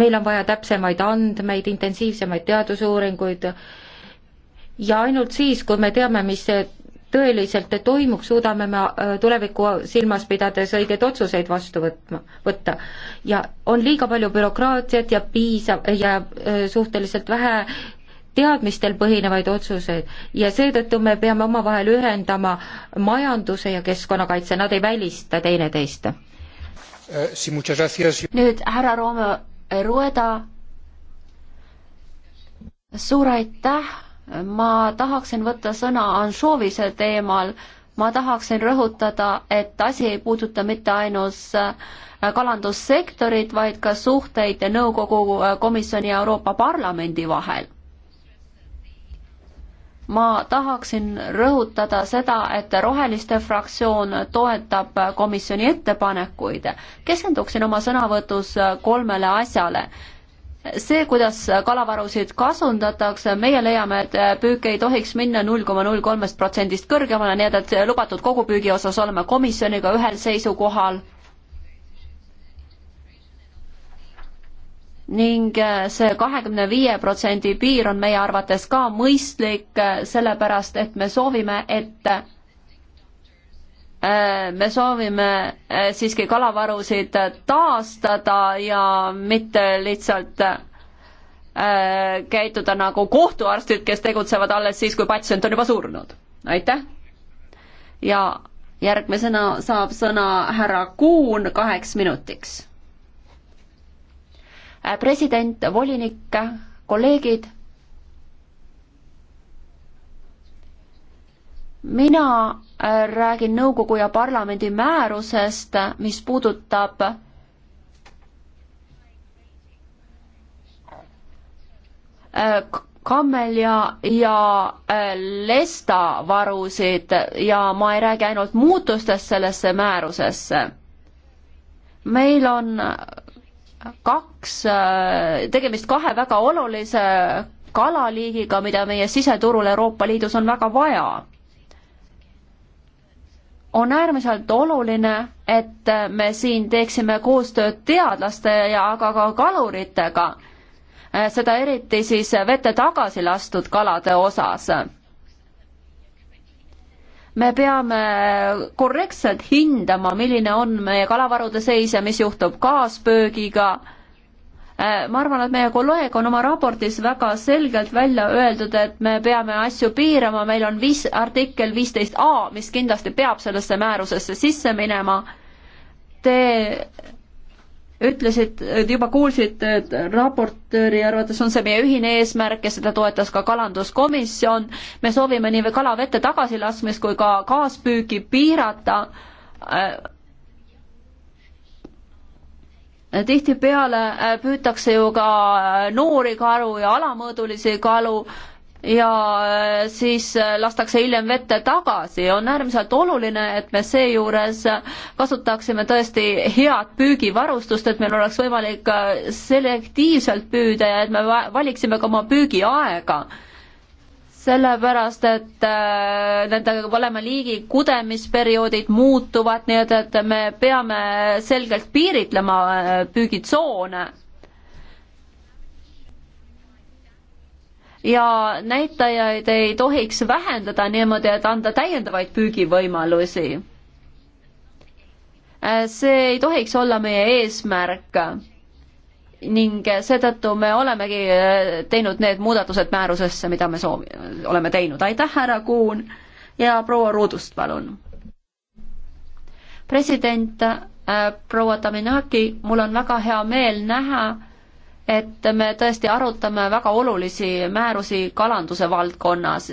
[SPEAKER 2] meil on vaja täpsemaid andmeid, intensiivsemaid teadusuuringuid ja ainult siis, kui me teame, mis tõeliselt toimub, suudame me äh, tulevikku silmas pidades õigeid otsuseid vastu võtma, võtta. ja on liiga palju bürokraatiat ja piisav ja äh, suhteliselt vähe teadmistel põhinevaid otsuseid ja seetõttu me peame omavahel ühendama majanduse ja keskkonnakaitse, nad ei välista teineteist
[SPEAKER 1] Eh, nüüd
[SPEAKER 3] härra Roome Rueda. suur aitäh, ma tahaksin võtta sõna Anšoovise teemal. ma tahaksin rõhutada, et asi ei puuduta mitte ainus eh, kalandussektorit, vaid ka suhteid Nõukogu eh, Komisjoni ja Euroopa Parlamendi vahel ma tahaksin rõhutada seda, et Roheliste fraktsioon toetab komisjoni ettepanekuid. keskenduksin oma sõnavõtus kolmele asjale. see, kuidas kalavarusid kasundatakse, meie leiame, et püük ei tohiks minna null koma null kolmest protsendist kõrgemale, nii et, et lubatud kogupüügi osas oleme komisjoniga ühel seisukohal ning äh, see kahekümne viie protsendi piir on meie arvates ka mõistlik, äh, sellepärast et me soovime, et äh, me soovime siiski kalavarusid taastada ja mitte lihtsalt käituda nagu kohtuarstid, kes tegutsevad alles siis, kui patsient on juba surnud. aitäh! ja järgmisena saab sõna härra Kuun kaheks minutiks Äh, president, volinik, kolleegid. mina äh, räägin nõukogu ja parlamendi määrusest, mis puudutab äh, kammelja ja lesta varusid ja ma ei räägi ainult muutustest sellesse määrusesse. meil on kaks, äh, tegemist kahe väga olulise kalaliigiga, mida meie siseturul Euroopa Liidus on väga vaja. on äärmiselt oluline, et me siin teeksime koostööd teadlaste ja aga ka kaluritega, äh, seda eriti siis vette tagasi lastud kalade osas me peame korrektselt hindama, milline on meie kalavarude seis ja mis juhtub kaaspöögiga. Äh, ma arvan, et meie kolleeg on oma raportis väga selgelt välja öeldud, et me peame asju piirama, meil on viis, artikkel viisteist A, mis kindlasti peab sellesse määrusesse sisse minema. Te ütlesid, juba kuulsite, et raportööri arvates on see meie ühine eesmärk ja seda toetas ka kalanduskomisjon. me soovime nii kala vette tagasilaskmist kui ka kaaspüüki piirata. Äh, tihtipeale äh, püütakse ju ka äh, noori karu ja alamõõdulisi kalu ja äh, siis äh, lastakse hiljem vette tagasi. on äärmiselt oluline, et me seejuures kasutaksime tõesti head püügivarustust, et meil oleks võimalik äh, selektiivselt püüda ja et me valiksime ka oma püügiaega sellepärast, et nende valema liigi kudemisperioodid muutuvad, nii et, et me peame selgelt piiritlema püügitsoone ja näitajaid ei tohiks vähendada niimoodi, et anda täiendavaid püügivõimalusi. see ei tohiks olla meie eesmärk ning seetõttu me olemegi teinud need muudatused määrusesse, mida me soovi-, oleme teinud. aitäh, härra Kuun ja proua Ruudust, palun. president äh, proua Taminaki, mul on väga hea meel näha, et me tõesti arutame väga olulisi määrusi kalanduse valdkonnas.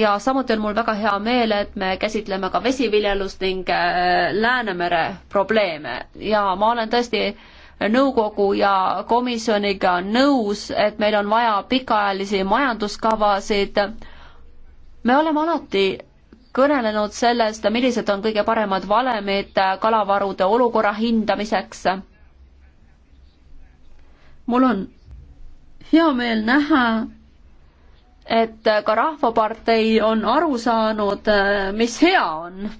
[SPEAKER 3] ja samuti on mul väga hea meel, et me käsitleme ka vesiviljelust ning äh, Läänemere probleeme ja ma olen tõesti nõukogu ja komisjoniga nõus, et meil on vaja pikaajalisi majanduskavasid. me oleme alati kõnelenud sellest, millised on kõige paremad valemid äh, kalavarude olukorra hindamiseks mul on hea meel näha, et ka Rahvapartei on aru saanud, mis hea on.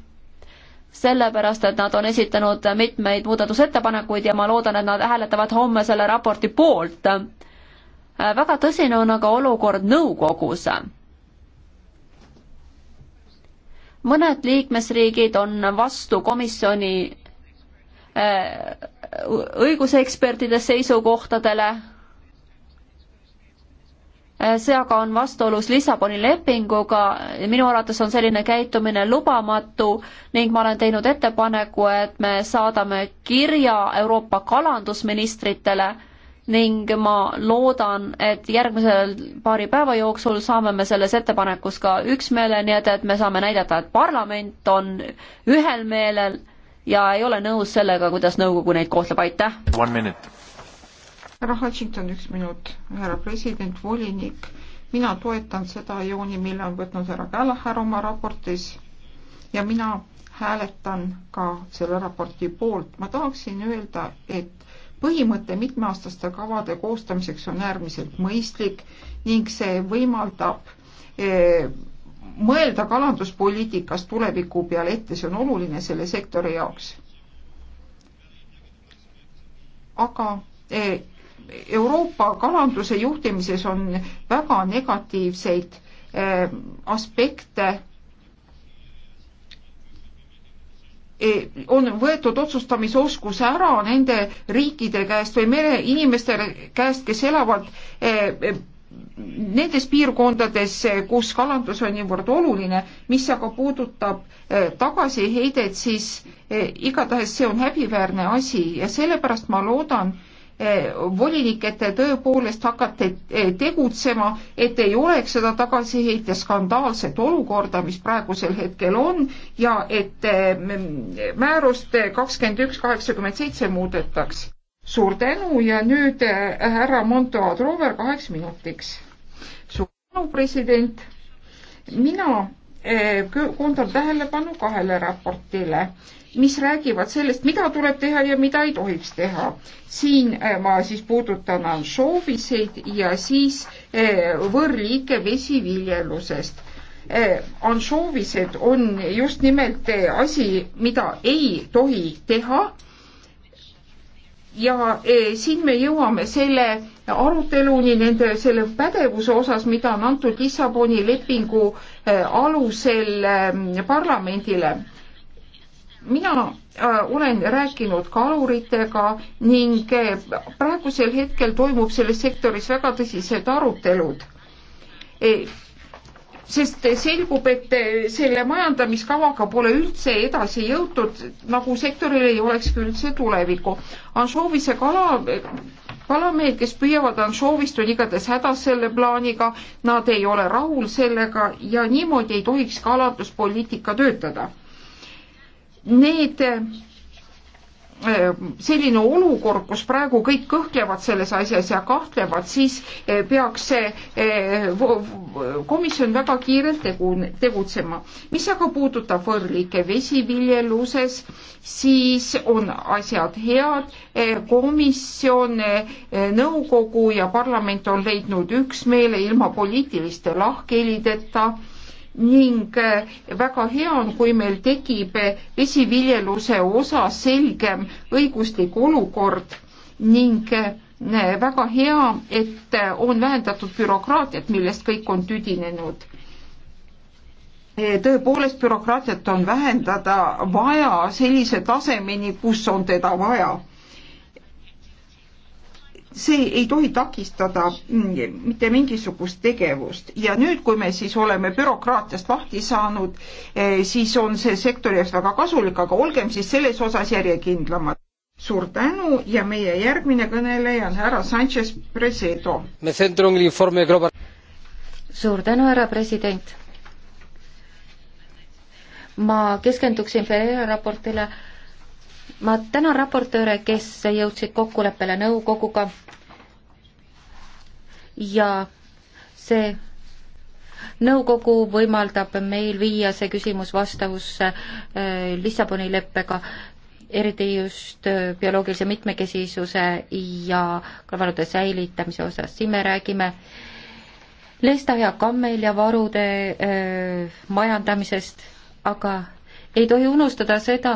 [SPEAKER 3] sellepärast, et nad on esitanud mitmeid muudatusettepanekuid ja ma loodan, et nad hääletavad homme selle raporti poolt. väga tõsine on aga olukord nõukogus. mõned liikmesriigid on vastu komisjoni eh, õigusekspertide seisukohtadele. see aga on vastuolus Lissaboni lepinguga, minu arvates on selline käitumine lubamatu ning ma olen teinud ettepaneku, et me saadame kirja Euroopa kalandusministritele ning ma loodan, et järgmisel paari päeva jooksul saame me selles ettepanekus ka üksmeele, nii et, et me saame näidata, et parlament on ühel meelel ja ei ole nõus sellega, kuidas nõukogu neid kohtleb, aitäh!
[SPEAKER 1] härra Hutchington, üks minut, härra president, volinik, mina toetan seda jooni, mille on võtnud härra Kallahär oma raportis ja mina hääletan ka selle raporti poolt. ma tahaksin öelda, et põhimõte mitmeaastaste kavade koostamiseks on äärmiselt mõistlik ning see võimaldab eh, mõelda kalanduspoliitikast tuleviku peale ette, see on oluline selle sektori jaoks. aga e, Euroopa kalanduse juhtimises on väga negatiivseid e, aspekte e, on võetud otsustamisoskus ära nende riikide käest või mere inimeste käest, kes elavad nendes piirkondades, eh, kus kalandus on niivõrd oluline, mis aga puudutab eh, tagasiheidet, siis eh, igatahes see on häbiväärne asi ja sellepärast ma loodan, volinik, et te tõepoolest hakkate tegutsema, et ei oleks seda tagasiheite skandaalset olukorda, mis praegusel hetkel on ja et määrust kakskümmend üks kaheksakümmend seitse muudetaks suur tänu ja nüüd äh, härra Monto Troover kaheks minutiks. suur tänu, president. mina äh, koondan tähelepanu kahele raportile, mis räägivad sellest, mida tuleb teha ja mida ei tohiks teha. siin äh, ma siis puudutan anšooviseid ja siis võõrliike vesiviljelusest. anšoovised on just nimelt asi, mida ei tohi teha ja eh, siin me jõuame selle aruteluni nende, selle pädevuse osas, mida on antud Lissaboni lepingu eh, alusel ehm, parlamendile. mina eh, olen rääkinud kaluritega ning praegusel hetkel toimub selles sektoris väga tõsised arutelud sest selgub, et eh, selle majandamiskavaga pole üldse edasi jõutud, nagu sektoril ei olekski üldse tulevikku. Anšoovise kala, kalamehed, kes püüavad anšoovist, on igatahes hädas selle plaaniga, nad ei ole rahul sellega ja niimoodi ei tohiks kalanduspoliitika töötada. Need Äh, selline olukord, kus praegu kõik kõhklevad selles asjas ja kahtlevad, siis äh, peaks see äh, komisjon väga kiirelt tegu, tegutsema. mis aga puudutab võõrliike vesiviljeluses, siis on asjad head, komisjon, nõukogu ja parlament on leidnud üksmeele ilma poliitiliste lahkhelideta ning eh, väga hea on, kui meil tekib eh, vesiviljeluse osa selgem õiguslik olukord ning eh, väga hea, et on vähendatud bürokraatiat, millest kõik on tüdinenud. tõepoolest, bürokraatiat on vähendada vaja sellise tasemeni, kus on teda vaja see ei tohi takistada mitte mingisugust tegevust ja nüüd, kui me siis oleme bürokraatiast lahti saanud, eh, siis on see sektori jaoks väga kasulik, aga olgem siis selles osas järjekindlamad. suur tänu ja meie järgmine kõneleja on härra Sanchez Presedo. suur tänu, härra president.
[SPEAKER 2] ma keskenduksin Ferreira raportile ma tänan raportööre, kes jõudsid kokkuleppele nõukoguga ja see nõukogu võimaldab meil viia see küsimus vastavusse äh, Lissaboni leppega, eriti just äh, bioloogilise mitmekesisuse ja kõrvalude säilitamise osas, siin me räägime lestaja kammel ja varude öö, äh, majandamisest, aga ei tohi unustada seda,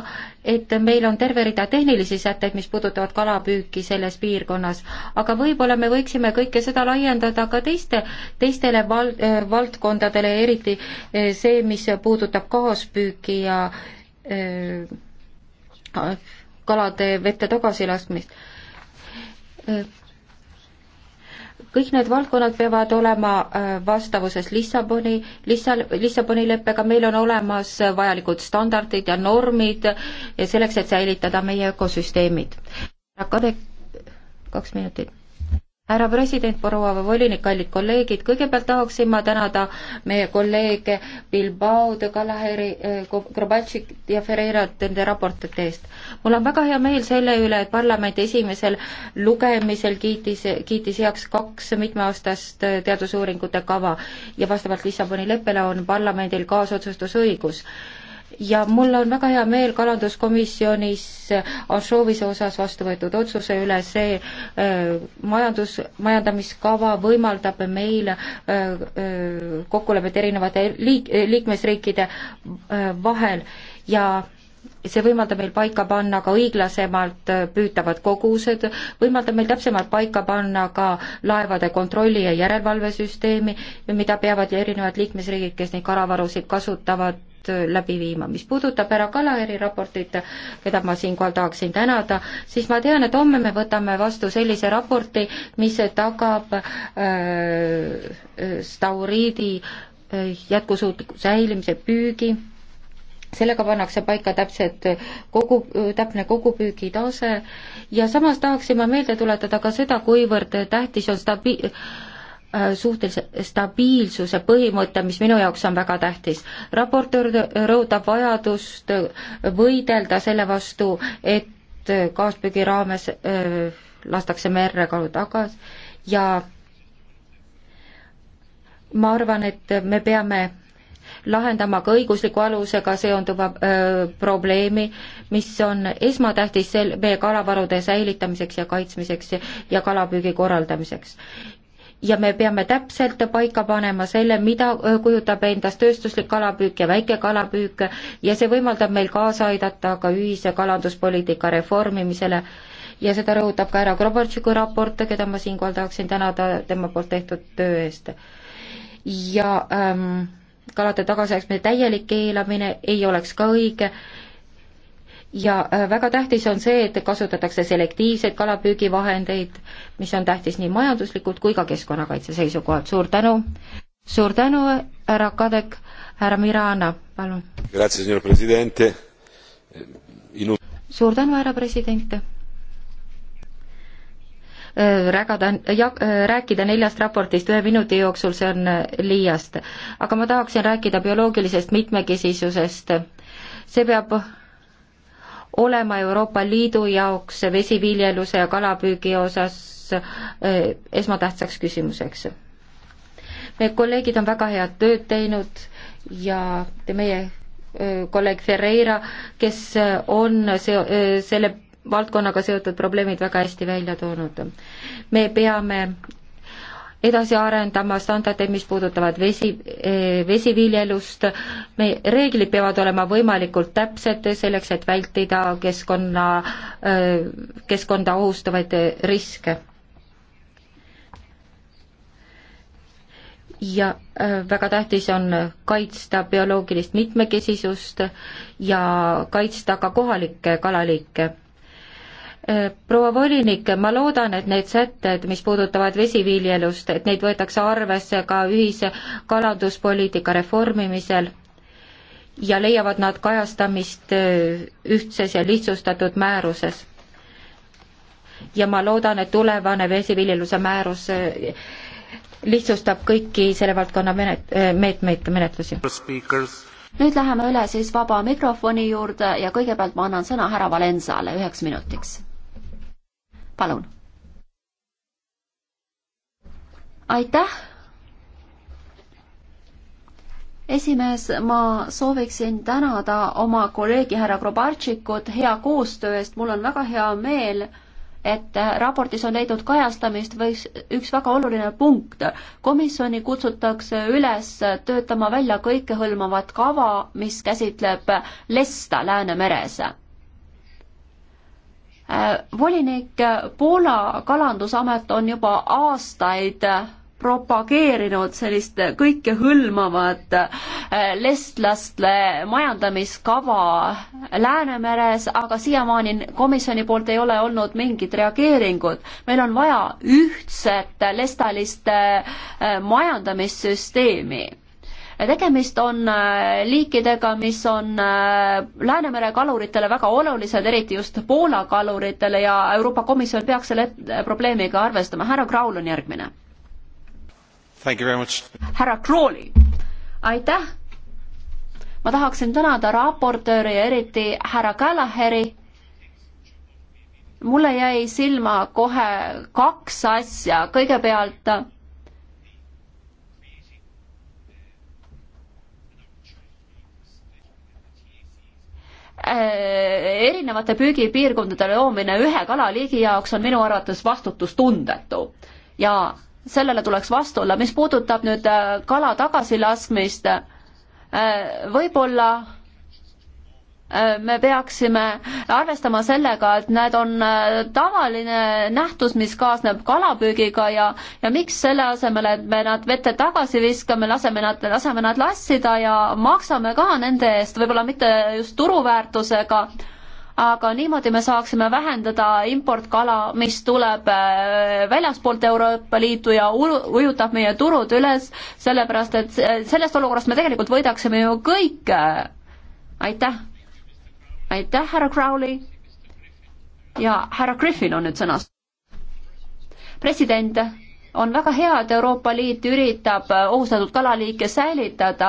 [SPEAKER 2] et meil on terve rida tehnilisi sätteid, mis puudutavad kalapüüki selles piirkonnas, aga võib-olla me võiksime kõike seda laiendada ka teiste, teistele val-, eh, valdkondadele, eriti eh, see, mis puudutab kaaspüüki ja öö, eh, kalade vette tagasilaskmist kõik need valdkonnad peavad olema äh, vastavuses Lissaboni, Lissa, Lissaboni leppega, meil on olemas vajalikud standardid ja normid ja selleks, et säilitada meie ökosüsteemid. Kadek, kaks minutit härra president, proua volinik, kallid kolleegid, kõigepealt tahaksin ma tänada meie kolleege Bilbao de Galaheri, eh, Grobatšik ja Ferreirat nende raportite eest. mul on väga hea meel selle üle, et parlament esimesel lugemisel kiitis, kiitis heaks kaks mitmeaastast eh, teadusuuringute kava ja vastavalt Lissaboni leppele on parlamendil kaasotsustusõigus ja mul on väga hea meel kalanduskomisjonis Anšoovise osas vastu võetud otsuse üle, see äh, majandus, majandamiskava võimaldab meil äh, äh, kokkulepet erinevate liik-, liikmesriikide vahel ja see võimaldab meil paika panna ka õiglasemalt püütavad kogused, võimaldab meil täpsemalt paika panna ka laevade kontrolli- ja järelevalvesüsteemi, mida peavad erinevad liikmesriigid, kes neid kalavarusid kasutavad, läbi viima. mis puudutab härra Kalajärvi raportit, keda ma siinkohal tahaksin tänada, siis ma tean, et homme me võtame vastu sellise raporti, mis tagab äh, stauriidi äh, jätkusuutliku säilimise püügi, sellega pannakse paika täpsed kogu, täpne kogupüügitase ja samas tahaksime meelde tuletada ka seda, kuivõrd tähtis on stabi-, Äh, suhtelise stabiilsuse põhimõte, mis minu jaoks on väga tähtis. raportöör rõhutab vajadust võidelda selle vastu, et kaaspüügi raames äh, lastakse merre kalu tagasi ja ma arvan, et me peame lahendama ka õigusliku alusega seonduva öö, äh, probleemi, mis on esmatähtis sel-, meie kalavarude säilitamiseks ja kaitsmiseks ja kalapüügi korraldamiseks ja me peame täpselt paika panema selle, mida kujutab endast tööstuslik kalapüük ja väike kalapüük ja see võimaldab meil kaasa aidata ka ühise kalanduspoliitika reformimisele ja seda rõhutab ka härra Grobartšiku raport, keda ma siinkohal tahaksin tänada tema poolt tehtud töö eest. ja ähm, kalade tagasiajaks meie täielik keelamine ei oleks ka õige ja äh, väga tähtis on see, et kasutatakse selektiivseid kalapüügivahendeid, mis on tähtis nii majanduslikult kui ka keskkonnakaitse seisukohalt. suur tänu, suur tänu, härra Kadek, härra Mirana, palun.
[SPEAKER 6] Eh, Inu...
[SPEAKER 2] suur tänu, härra president. Äh, Räägada, äh, rääkida neljast raportist ühe minuti jooksul, see on liiast. aga ma tahaksin rääkida bioloogilisest mitmekesisusest. see peab olema Euroopa Liidu jaoks vesiviljeluse ja kalapüügi osas eh, esmatähtsaks küsimuseks. meie kolleegid on väga head tööd teinud ja te meie eh, kolleeg Ferreira, kes on see, eh, selle valdkonnaga seotud probleemid väga hästi välja toonud. me peame edasi arendama standardeid, mis puudutavad vesi, eh, vesiviljelust, me, reeglid peavad olema võimalikult täpsed, selleks et vältida keskkonna, eh, keskkonda ohustavaid riske. ja eh, väga tähtis on kaitsta bioloogilist mitmekesisust ja kaitsta ka kohalikke kalaliike Äh, proua volinik, ma loodan, et need sätted, mis puudutavad vesiviljelust, et neid võetakse arvesse ka ühise kalanduspoliitika reformimisel ja leiavad nad kajastamist äh, ühtses ja lihtsustatud määruses. ja ma loodan, et tulevane vesiviljeluse määrus äh, lihtsustab kõiki selle valdkonna menet-, meetmeid, menetlusi.
[SPEAKER 3] nüüd läheme üle siis vaba mikrofoni juurde ja kõigepealt ma annan sõna härra Valensale üheks minutiks palun. aitäh. esimees, ma sooviksin tänada oma kolleegi härra Grobartšikut hea koostöö eest, mul on väga hea meel et raportis on leidnud kajastamist võiks üks väga oluline punkt. komisjoni kutsutakse üles töötama välja kõikehõlmavat kava, mis käsitleb lesta Läänemeres Äh, volinik äh, Poola kalandusamet on juba aastaid äh, propageerinud sellist kõikehõlmavat lestlaste majandamiskava Läänemeres, aga siiamaani komisjoni poolt ei ole olnud mingit reageeringut. meil on vaja ühtset lestaliste majandamissüsteemi tegemist on äh, liikidega, mis on äh, Läänemere kaluritele väga olulised, eriti just Poola kaluritele ja Euroopa Komisjon peaks selle äh, probleemiga arvestama. härra Kraul on järgmine. härra Crawley, aitäh! ma tahaksin tänada raportööri ja eriti härra Kallaheri mulle jäi silma kohe kaks asja, kõigepealt Äh, erinevate püügipiirkondade loomine ühe kalaliigi jaoks on minu arvates vastutustundetu ja sellele tuleks vastu olla. mis puudutab nüüd äh, kala tagasilaskmist, äh, võib-olla Äh, me peaksime arvestama sellega, et need on äh, tavaline nähtus, mis kaasneb kalapüügiga ja, ja miks selle asemel, et me nad vette tagasi viskame, laseme nad, laseme nad lassida ja maksame ka nende eest, võib-olla mitte just turuväärtusega, aga niimoodi me saaksime vähendada importkala, mis tuleb äh, väljaspoolt Euroopa Liitu ja ujutab meie turud üles, sellepärast et sellest olukorrast me tegelikult võidaksime ju kõik. aitäh aitäh, härra Crowley. ja härra Griffin on nüüd sõnas. president, on väga hea, et Euroopa Liit üritab äh, ohustatud kalaliike säilitada,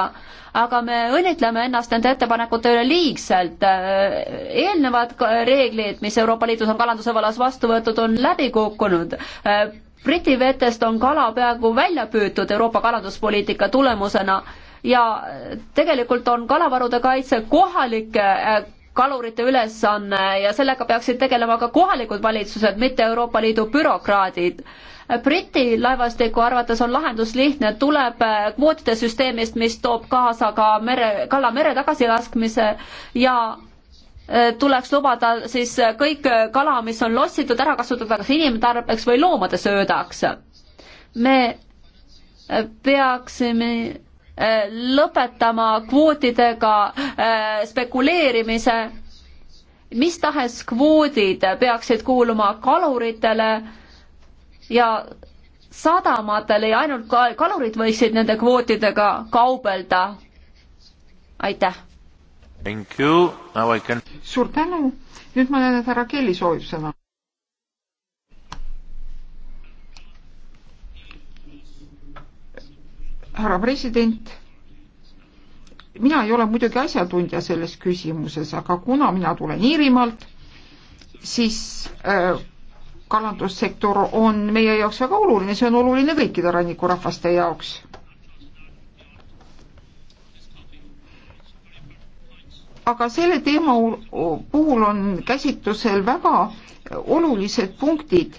[SPEAKER 3] aga me õnnitleme ennast nende ettepanekute üle liigselt. Äh, eelnevad reeglid, mis Euroopa Liidus on kalanduse vallas vastu võetud, on läbi kukkunud äh, Briti vetest on kala peaaegu välja püütud Euroopa kalanduspoliitika tulemusena ja tegelikult on kalavarude kaitse kohalike kalurite ülesanne ja sellega peaksid tegelema ka kohalikud valitsused, mitte Euroopa Liidu bürokraadid. Briti laevastiku arvates on lahendus lihtne, tuleb kvootide süsteemist, mis toob kaasa ka mere, kalla mere tagasilaskmise ja eh, tuleks lubada siis kõik kala, mis on lossitud, ära kasutada kas inimtarbeks või loomade söödaks. me eh, peaksime Äh, lõpetama kvootidega äh, spekuleerimise. mis tahes kvoodid peaksid kuuluma kaluritele ja sadamatele ja ainult kalurid võiksid nende kvootidega kaubelda.
[SPEAKER 1] aitäh.
[SPEAKER 5] Can...
[SPEAKER 1] suur tänu, nüüd ma näen, et härra Kelly soovib sõna härra president, mina ei ole muidugi asjatundja selles küsimuses, aga kuna mina tulen Iirimaalt, siis äh, kalandussektor on meie jaoks väga oluline, see on oluline kõikide rannikurahvaste jaoks. aga selle teema puhul on käsitlusel väga olulised punktid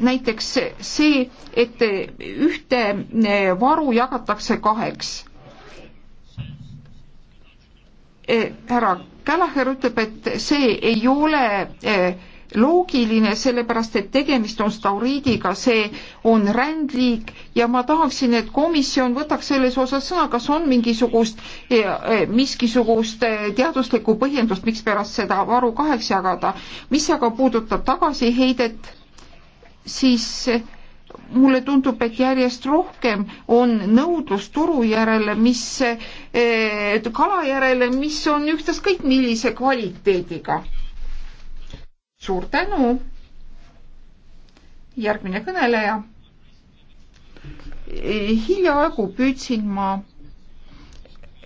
[SPEAKER 1] näiteks see, et ühte varu jagatakse kaheks. E, härra Kälaher ütleb, et see ei ole e, loogiline, sellepärast et tegemist on stauriidiga, see on rändliik ja ma tahaksin, et komisjon võtaks selles osas sõna, kas on mingisugust, e, miskisugust teaduslikku põhjendust, mikspärast seda varu kaheks jagada. mis aga puudutab tagasiheidet, siis mulle tundub, et järjest rohkem on nõudlus turu järele, mis, eh, kala järele, mis on ükstaskõik millise kvaliteediga. suur tänu. järgmine kõneleja. Eh, hiljaaegu püüdsin ma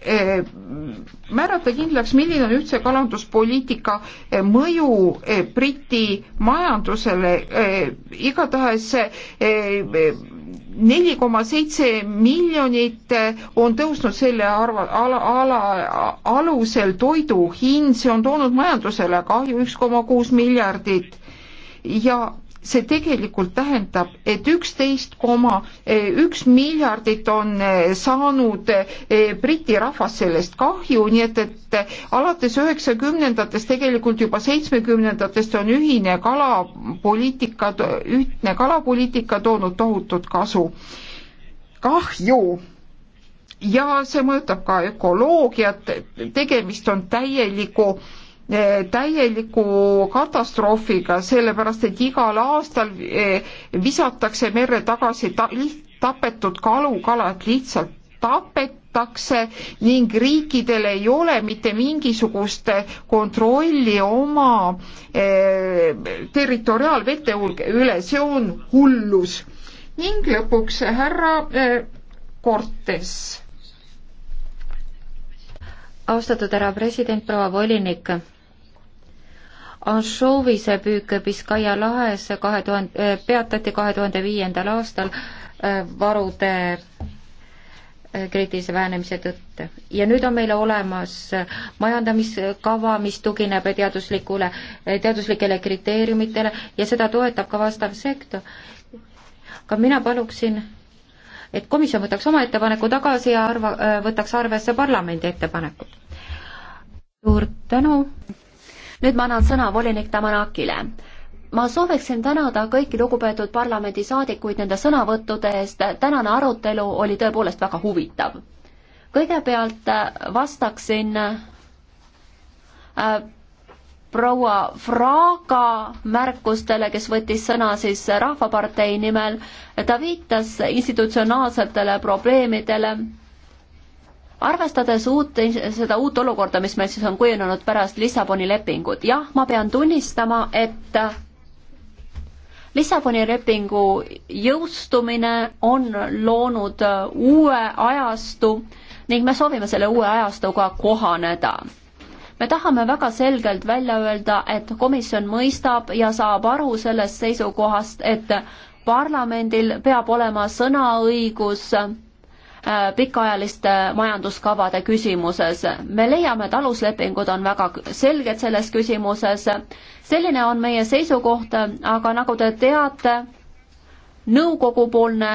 [SPEAKER 1] Eh, määrata kindlaks, milline on üldse kalanduspoliitika eh, mõju eh, Briti majandusele, igatahes neli koma seitse miljonit on tõusnud selle arva, ala, ala, alusel toidu hind, see on toonud majandusele kahju üks koma kuus miljardit ja see tegelikult tähendab, et üksteist koma eh, üks miljardit on eh, saanud eh, Briti rahvas sellest kahju, nii et, et alates üheksakümnendatest, tegelikult juba seitsmekümnendatest on ühine kalapoliitika, ühtne kalapoliitika toonud tohutut kasu. kahju ja see mõjutab ka ökoloogiat, tegemist on täieliku äh, Eh, täieliku katastroofiga, sellepärast et igal aastal eh, visatakse merre tagasi ta tapetud kalukalad, lihtsalt tapetakse ning riikidel ei ole mitte mingisugust kontrolli oma eh, territoriaalvete üle, see on hullus. ning lõpuks härra Cortes.
[SPEAKER 2] austatud härra president, proua volinik anšoovisepüük Biskaia lahes kahe tuhande, eh, peatati kahe tuhande viiendal aastal eh, varude eh, kriitilise vähenemise tõttu. ja nüüd on meil olemas majandamiskava, mis tugineb teaduslikule, teaduslikele kriteeriumitele ja seda toetab ka vastav sektor. aga mina paluksin, et komisjon võtaks oma ettepaneku tagasi ja arva, võtaks arvesse parlamendi ettepanekut.
[SPEAKER 3] suur tänu! nüüd ma annan sõna volinik Tamanakile ma sooviksin tänada kõiki lugupeetud parlamendisaadikuid nende sõnavõttude eest, tänane arutelu oli tõepoolest väga huvitav. kõigepealt äh, vastaksin äh, proua Fraga märkustele, kes võttis sõna siis Rahvapartei nimel, ta viitas institutsionaalsetele probleemidele arvestades uut, seda uut olukorda, mis meil siis on kujunenud pärast Lissaboni lepingut, jah, ma pean tunnistama, et Lissaboni lepingu jõustumine on loonud uue ajastu ning me soovime selle uue ajastuga kohaneda me tahame väga selgelt välja öelda, et komisjon mõistab ja saab aru sellest seisukohast, et parlamendil peab olema sõnaõigus Äh, pikaajaliste majanduskavade küsimuses. me leiame, et aluslepingud on väga selged selles küsimuses. selline on meie seisukoht, aga nagu te teate, nõukogupoolne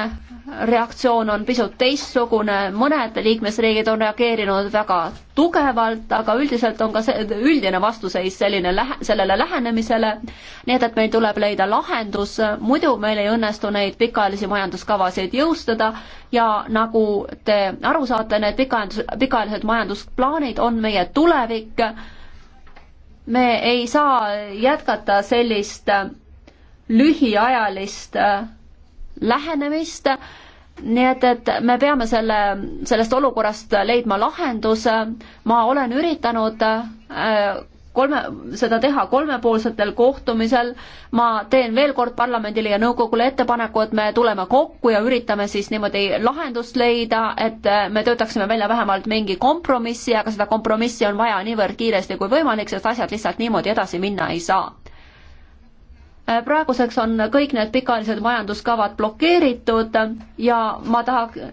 [SPEAKER 3] reaktsioon on pisut teistsugune, mõned liikmesriigid on reageerinud väga tugevalt, aga üldiselt on ka see üldine vastuseis selline lähe, sellele lähenemisele, nii et, et meil tuleb leida lahendus, muidu meil ei õnnestu neid pikaajalisi majanduskavasid jõustada ja nagu te aru saate, need pikaajalised, pikaajalised majandusplaanid on meie tulevik, me ei saa jätkata sellist lühiajalist äh, lähenemist. nii et, et me peame selle, sellest olukorrast leidma lahenduse. ma olen üritanud äh, kolme, seda teha kolmepoolsetel kohtumisel. ma teen veel kord parlamendile ja nõukogule ettepaneku, et me tuleme kokku ja üritame siis niimoodi lahendust leida, et äh, me töötaksime välja vähemalt mingi kompromissi, aga seda kompromissi on vaja niivõrd kiiresti kui võimalik, sest asjad lihtsalt niimoodi edasi minna ei saa praeguseks on kõik need pikaajalised majanduskavad blokeeritud ja ma tahan,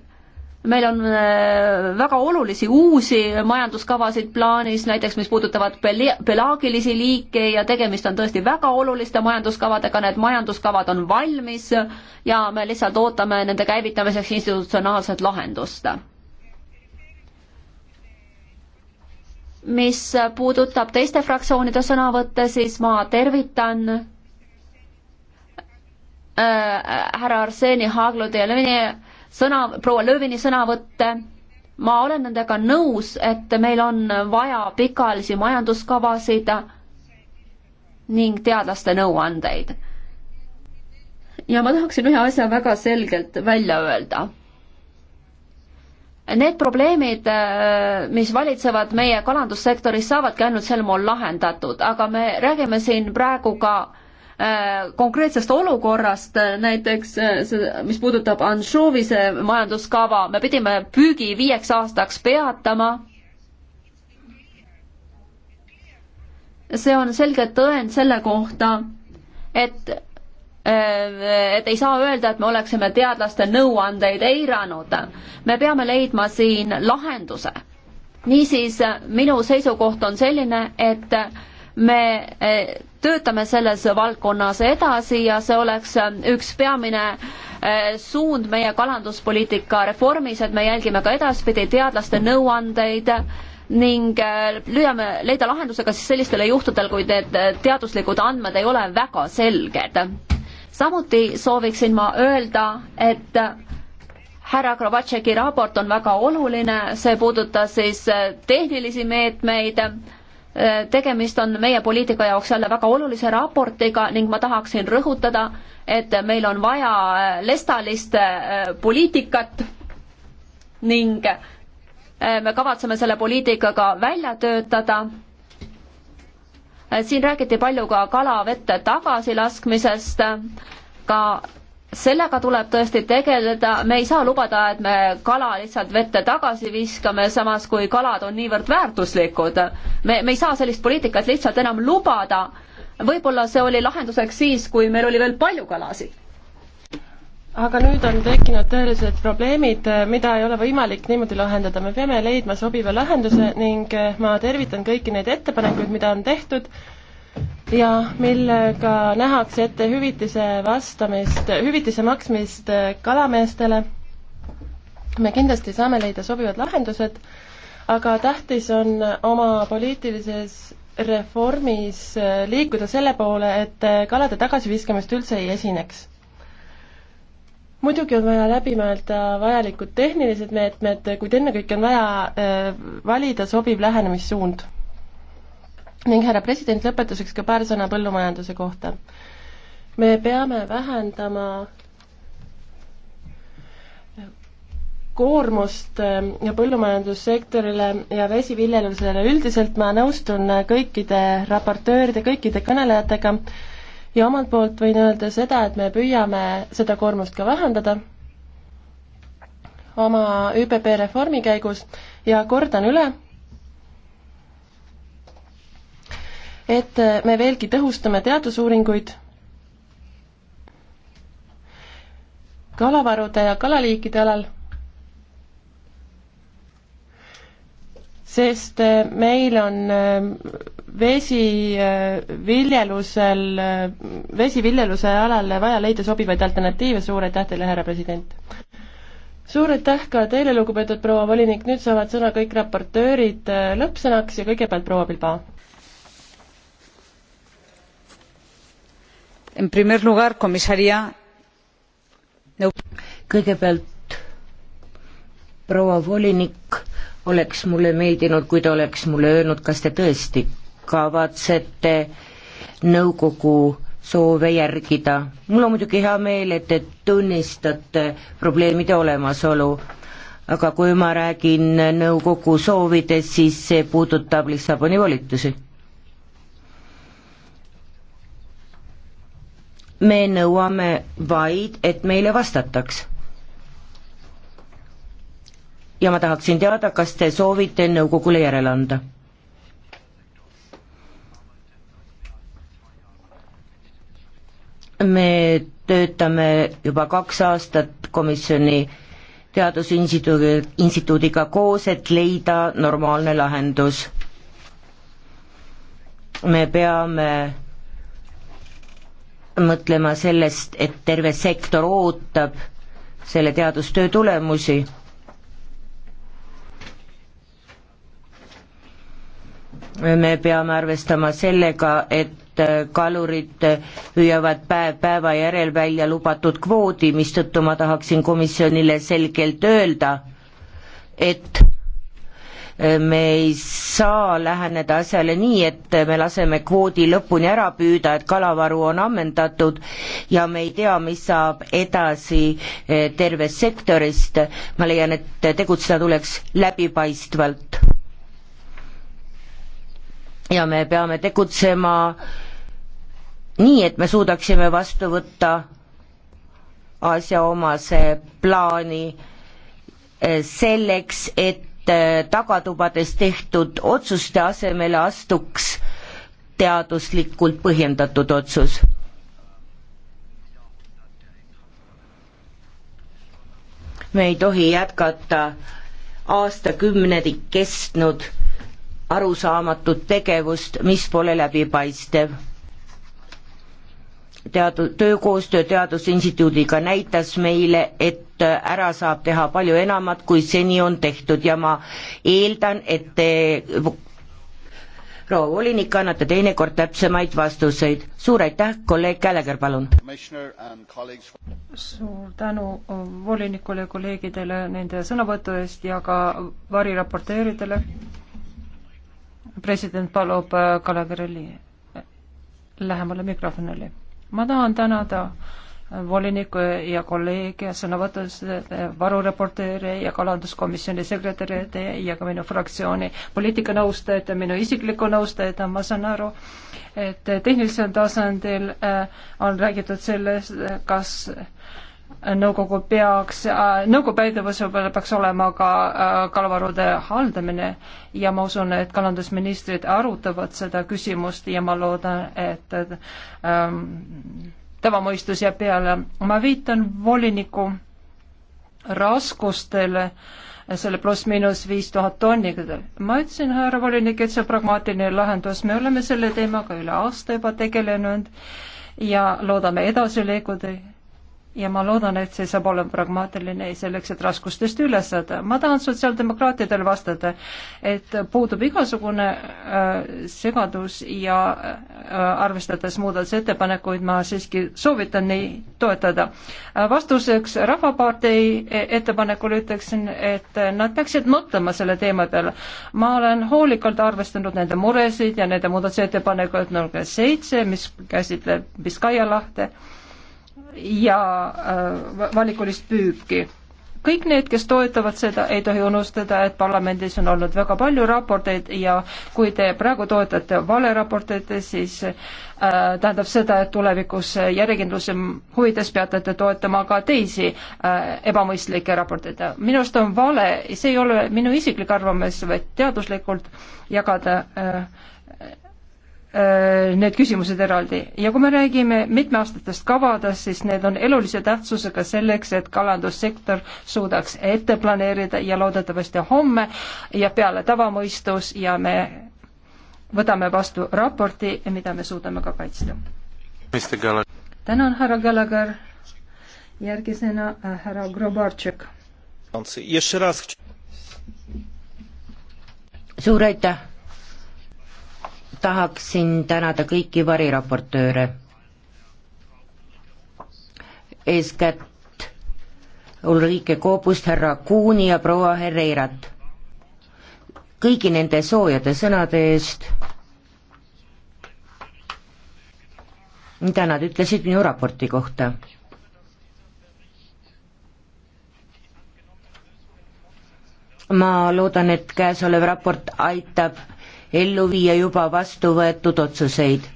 [SPEAKER 3] meil on äh, väga olulisi uusi majanduskavasid plaanis, näiteks mis puudutavad pelaagilisi liike ja tegemist on tõesti väga oluliste majanduskavadega, need majanduskavad on valmis ja me lihtsalt ootame nende käivitamiseks institutsionaalset lahendust. mis puudutab teiste fraktsioonide sõnavõtte, siis ma tervitan Äh, härra Arseni Haaglode ja Lõvini sõna, proua Lõvini sõnavõtte. ma olen nendega nõus, et meil on vaja pikaajalisi majanduskavasid ning teadlaste nõuandeid. ja ma tahaksin ühe asja väga selgelt välja öelda. Need probleemid, äh, mis valitsevad meie kalandussektoris, saavadki ainult sel moel lahendatud, aga me räägime siin praegu ka äh, Äh, konkreetsest olukorrast, äh, näiteks äh, mis puudutab Anšoovise majanduskava, me pidime püügi viieks aastaks peatama. see on selge tõend selle kohta, et, et ei saa öelda, et me oleksime teadlaste nõuandeid eiranud. me peame leidma siin lahenduse. niisiis, minu seisukoht on selline, et me töötame selles valdkonnas edasi ja see oleks üks peamine eh, suund meie kalanduspoliitika reformis, et me jälgime ka edaspidi teadlaste nõuandeid ning eh, püüame leida lahenduse ka siis sellistel juhtudel, kui need eh, teaduslikud andmed ei ole väga selged. samuti sooviksin ma öelda, et härra Kravatšeki raport on väga oluline, see puudutas siis tehnilisi meetmeid meet tegemist on meie poliitika jaoks jälle väga olulise raportiga ning ma tahaksin rõhutada, et meil on vaja äh, lestalist äh, poliitikat ning äh, me kavatseme selle poliitikaga välja töötada. siin räägiti palju ka kalavette tagasilaskmisest, ka sellega tuleb tõesti tegeleda, me ei saa lubada, et me kala lihtsalt vette tagasi viskame, samas kui kalad on niivõrd väärtuslikud. me, me ei saa sellist poliitikat lihtsalt enam lubada. võib-olla see oli lahenduseks siis, kui meil oli veel palju kalasid
[SPEAKER 6] aga nüüd on tekkinud tõelised probleemid, mida ei ole võimalik niimoodi lahendada, me peame leidma sobiva lahenduse ning ma tervitan kõiki neid ettepanekuid, mida on tehtud ja millega nähakse ette hüvitise vastamist, hüvitise maksmist äh, kalameestele. me kindlasti saame leida sobivad lahendused, aga tähtis on oma poliitilises reformis äh, liikuda selle poole, et äh, kalade tagasiviskamist üldse ei esineks. muidugi on vaja läbi mõelda vajalikud tehnilised meetmed, kuid ennekõike on vaja valida sobiv lähenemissuund ning härra president, lõpetuseks ka paar sõna põllumajanduse kohta. me peame vähendama koormust äh, põllumajandussektorile ja vesiviljelusele üldiselt ma nõustun äh, kõikide raportööride, kõikide kõnelejatega ja omalt poolt võin öelda seda, et me püüame seda koormust ka vähendada oma ÜPP reformi käigus ja kordan üle, et äh, me veelgi tõhustame teadusuuringuid kalavarude ja kalaliikide alal, sest äh, meil on äh, vesiviljelusel, vesiviljeluse alal vaja leida sobivaid alternatiive, suur aitäh teile, härra president! suur aitäh ka teile, lugupeetud proua volinik, nüüd saavad sõna kõik raportöörid lõppsõnaks ja kõigepealt proua Bilbao
[SPEAKER 4] en primer lugar comisaria kõigepealt proua volinik oleks mulle meeldinud kui te oleks mulle öelnud kas te tõesti kavatsete nõukogu soove järgida mul on muidugi hea meel et te tunnistate probleemide olemasolu aga kui ma räägin nõukogu soovidest siis see puudutab Lissaboni volitusi me nõuame vaid, et meile vastataks. ja ma tahaksin teada, kas te soovite nõukogule järele anda? me töötame juba kaks aastat komisjoni teadusinstituudi, instituudiga koos, et leida normaalne lahendus. me peame mõtlema sellest, et terve sektor ootab selle teadustöö tulemusi. me peame arvestama sellega, et kalurid püüavad päev päeva järel välja lubatud kvoodi, mistõttu ma tahaksin komisjonile selgelt öelda, et me ei saa läheneda asjale nii, et me laseme kvoodi lõpuni ära püüda, et kalavaru on ammendatud ja me ei tea, mis saab edasi eh, tervest sektorist. ma leian, et tegutseda tuleks läbipaistvalt. ja me peame tegutsema nii, et me suudaksime vastu võtta asjaomase plaani eh, selleks, et mitte tagatubades tehtud otsuste asemele astuks teaduslikult põhjendatud otsus. me ei tohi jätkata aastakümneid kestnud arusaamatut tegevust, mis pole läbipaistev teadu-, töökoostöö Teadusinstituudiga näitas meile, et ära saab teha palju enamat, kui seni on tehtud ja ma eeldan, et te proua volinik, annate teinekord täpsemaid vastuseid. suur aitäh, kolleeg Käleger, palun!
[SPEAKER 5] suur tänu volinikule ja kolleegidele nende sõnavõtu eest ja ka variraporteeridele. president palub Kaleverili lähemale mikrofonile ma tahan tänada voliniku ja kolleege sõnavõtust, varureporteere ja kalanduskomisjoni sekretärid ja ka minu fraktsiooni poliitikanõustajad ja minu isiklikku nõustajat, ma saan aru, et tehnilisel tasandil äh, on räägitud sellest, äh, kas nõukogu peaks, äh, nõukogu pädevuse peal peaks olema ka äh, kalavarude haldamine ja ma usun, et kalandusministrid arutavad seda küsimust ja ma loodan, et ähm, tavamõistus jääb peale. ma viitan voliniku raskustele selle pluss-miinus viis tuhat tonni. ma ütlesin, härra volinik, et see on pragmaatiline lahendus, me oleme selle teemaga üle aasta juba tegelenud ja loodame edasi liikuda ja ma loodan, et see saab olema pragmaatiline selleks, et raskustest üle saada. ma tahan sotsiaaldemokraatidel vastata, et puudub igasugune äh, segadus ja äh, arvestades muudatusettepanekuid, ma siiski soovitan neid toetada äh,. vastuseks Rahvapartei e-, ettepanekule ütleksin, et nad peaksid mõtlema selle teema peale. ma olen hoolikalt arvestanud nende muresid ja nende muudatusettepanekuid number seitse, mis käsitleb Biskaia lahte äh, ja äh, valikulist püüki. kõik need, kes toetavad seda, ei tohi unustada, et parlamendis on olnud väga palju raporteid ja kui te praegu toetate valeraporteid, siis äh, tähendab seda, et tulevikus järjekindluse huvides peate te toetama ka teisi äh, ebamõistlikke raporteid. minu arust on vale, see ei ole minu isiklik arvamus, vaid teaduslikult jagada äh, Äh, need küsimused eraldi. ja kui me räägime mitmeaastatest kavadest, siis need on elulise tähtsusega selleks, et kalandussektor suudaks ette planeerida ja loodetavasti homme ja peale tavamõistus ja me võtame vastu raporti, mida me suudame ka kaitsta. tänan, härra Gallagher. järgmisena äh, härra Grobartšek.
[SPEAKER 4] suur aitäh tahaksin tänada kõiki variraportööre, eeskätt Ulrike Koobust, härra Kuuni ja proua Herreirat. kõigi nende soojade sõnade eest, mida nad ütlesid minu raporti kohta. ma loodan, et käesolev raport aitab ellu viia juba vastu võetud otsuseid.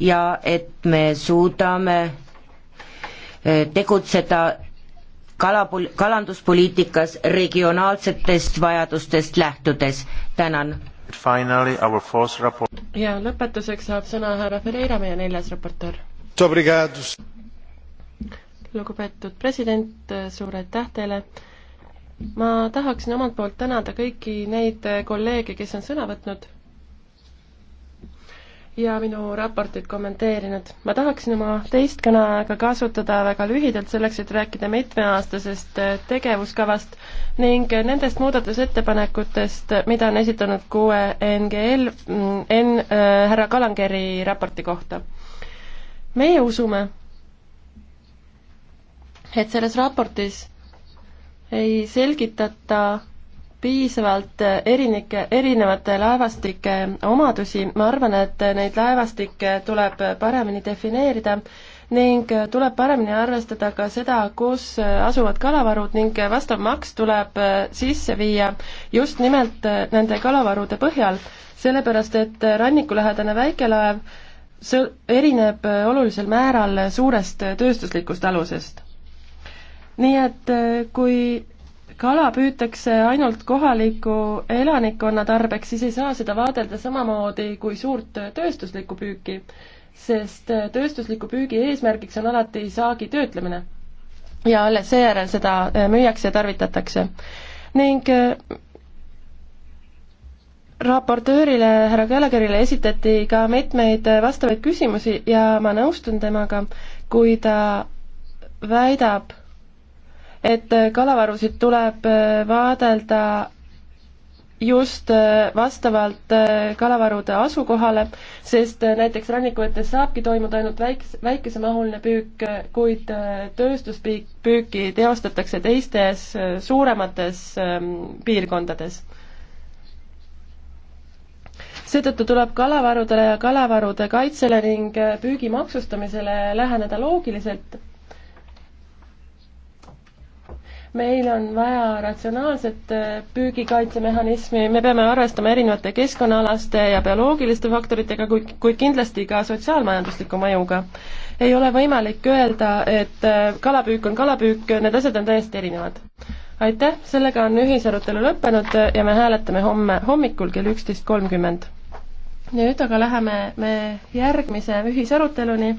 [SPEAKER 4] ja et me suudame eh, tegutseda kalapol-, kalanduspoliitikas regionaalsetest vajadustest lähtudes.
[SPEAKER 6] tänan. ja lõpetuseks saab sõna härra Ferreira, meie neljas raportöör. lugupeetud president, suur aitäh teile ma tahaksin omalt poolt tänada kõiki neid kolleege, kes on sõna võtnud ja minu raportit kommenteerinud. ma tahaksin oma teist kõne aega kasutada väga lühidalt selleks, et rääkida mitmeaastasest tegevuskavast ning nendest muudatusettepanekutest, mida on esitanud kuue NGL, N äh,, härra Kalangeri raporti kohta. meie usume, et selles raportis ei selgitata piisavalt erinike, erinevate laevastike omadusi, ma arvan, et neid laevastikke tuleb paremini defineerida ning tuleb paremini arvestada ka seda, kus asuvad kalavarud ning vastav maks tuleb sisse viia just nimelt nende kalavarude põhjal, sellepärast et rannikulähedane väikelaev sõ-, erineb olulisel määral suurest tööstuslikust alusest nii et äh, kui kala püütakse ainult kohaliku elanikkonna tarbeks, siis ei saa seda vaadelda samamoodi kui suurt tööstuslikku püüki, sest äh, tööstusliku püügi eesmärgiks on alati saagi töötlemine. ja alles seejärel seda äh, müüakse ja tarvitatakse. ning raportöörile, härra Gallagherile esitati ka mitmeid vastavaid küsimusi ja ma nõustun temaga, kui ta väidab, et äh, kalavarusid tuleb äh, vaadelda just äh, vastavalt kalavarude asukohale, sest näiteks rannikuvetes saabki toimuda ainult väikse, väikesemahuline püük, kuid tööstuspüük, püüki teostatakse teistes suuremates ähm, piirkondades seetõttu tuleb kalavarudele ja kalavarude kaitsele ning püügi maksustamisele läheneda loogiliselt meil on vaja ratsionaalset äh, püügikaitsemehhanismi, me peame arvestama erinevate keskkonnaalaste ja bioloogiliste faktoritega, kuid, kuid kindlasti ka sotsiaalmajandusliku mõjuga. ei ole võimalik öelda, et äh, kalapüük on kalapüük, need asjad on täiesti erinevad. aitäh, sellega on ühisarutelu lõppenud ja me hääletame homme hommikul kell üksteist kolmkümmend. nüüd aga läheme me järgmise
[SPEAKER 4] ühisaruteluni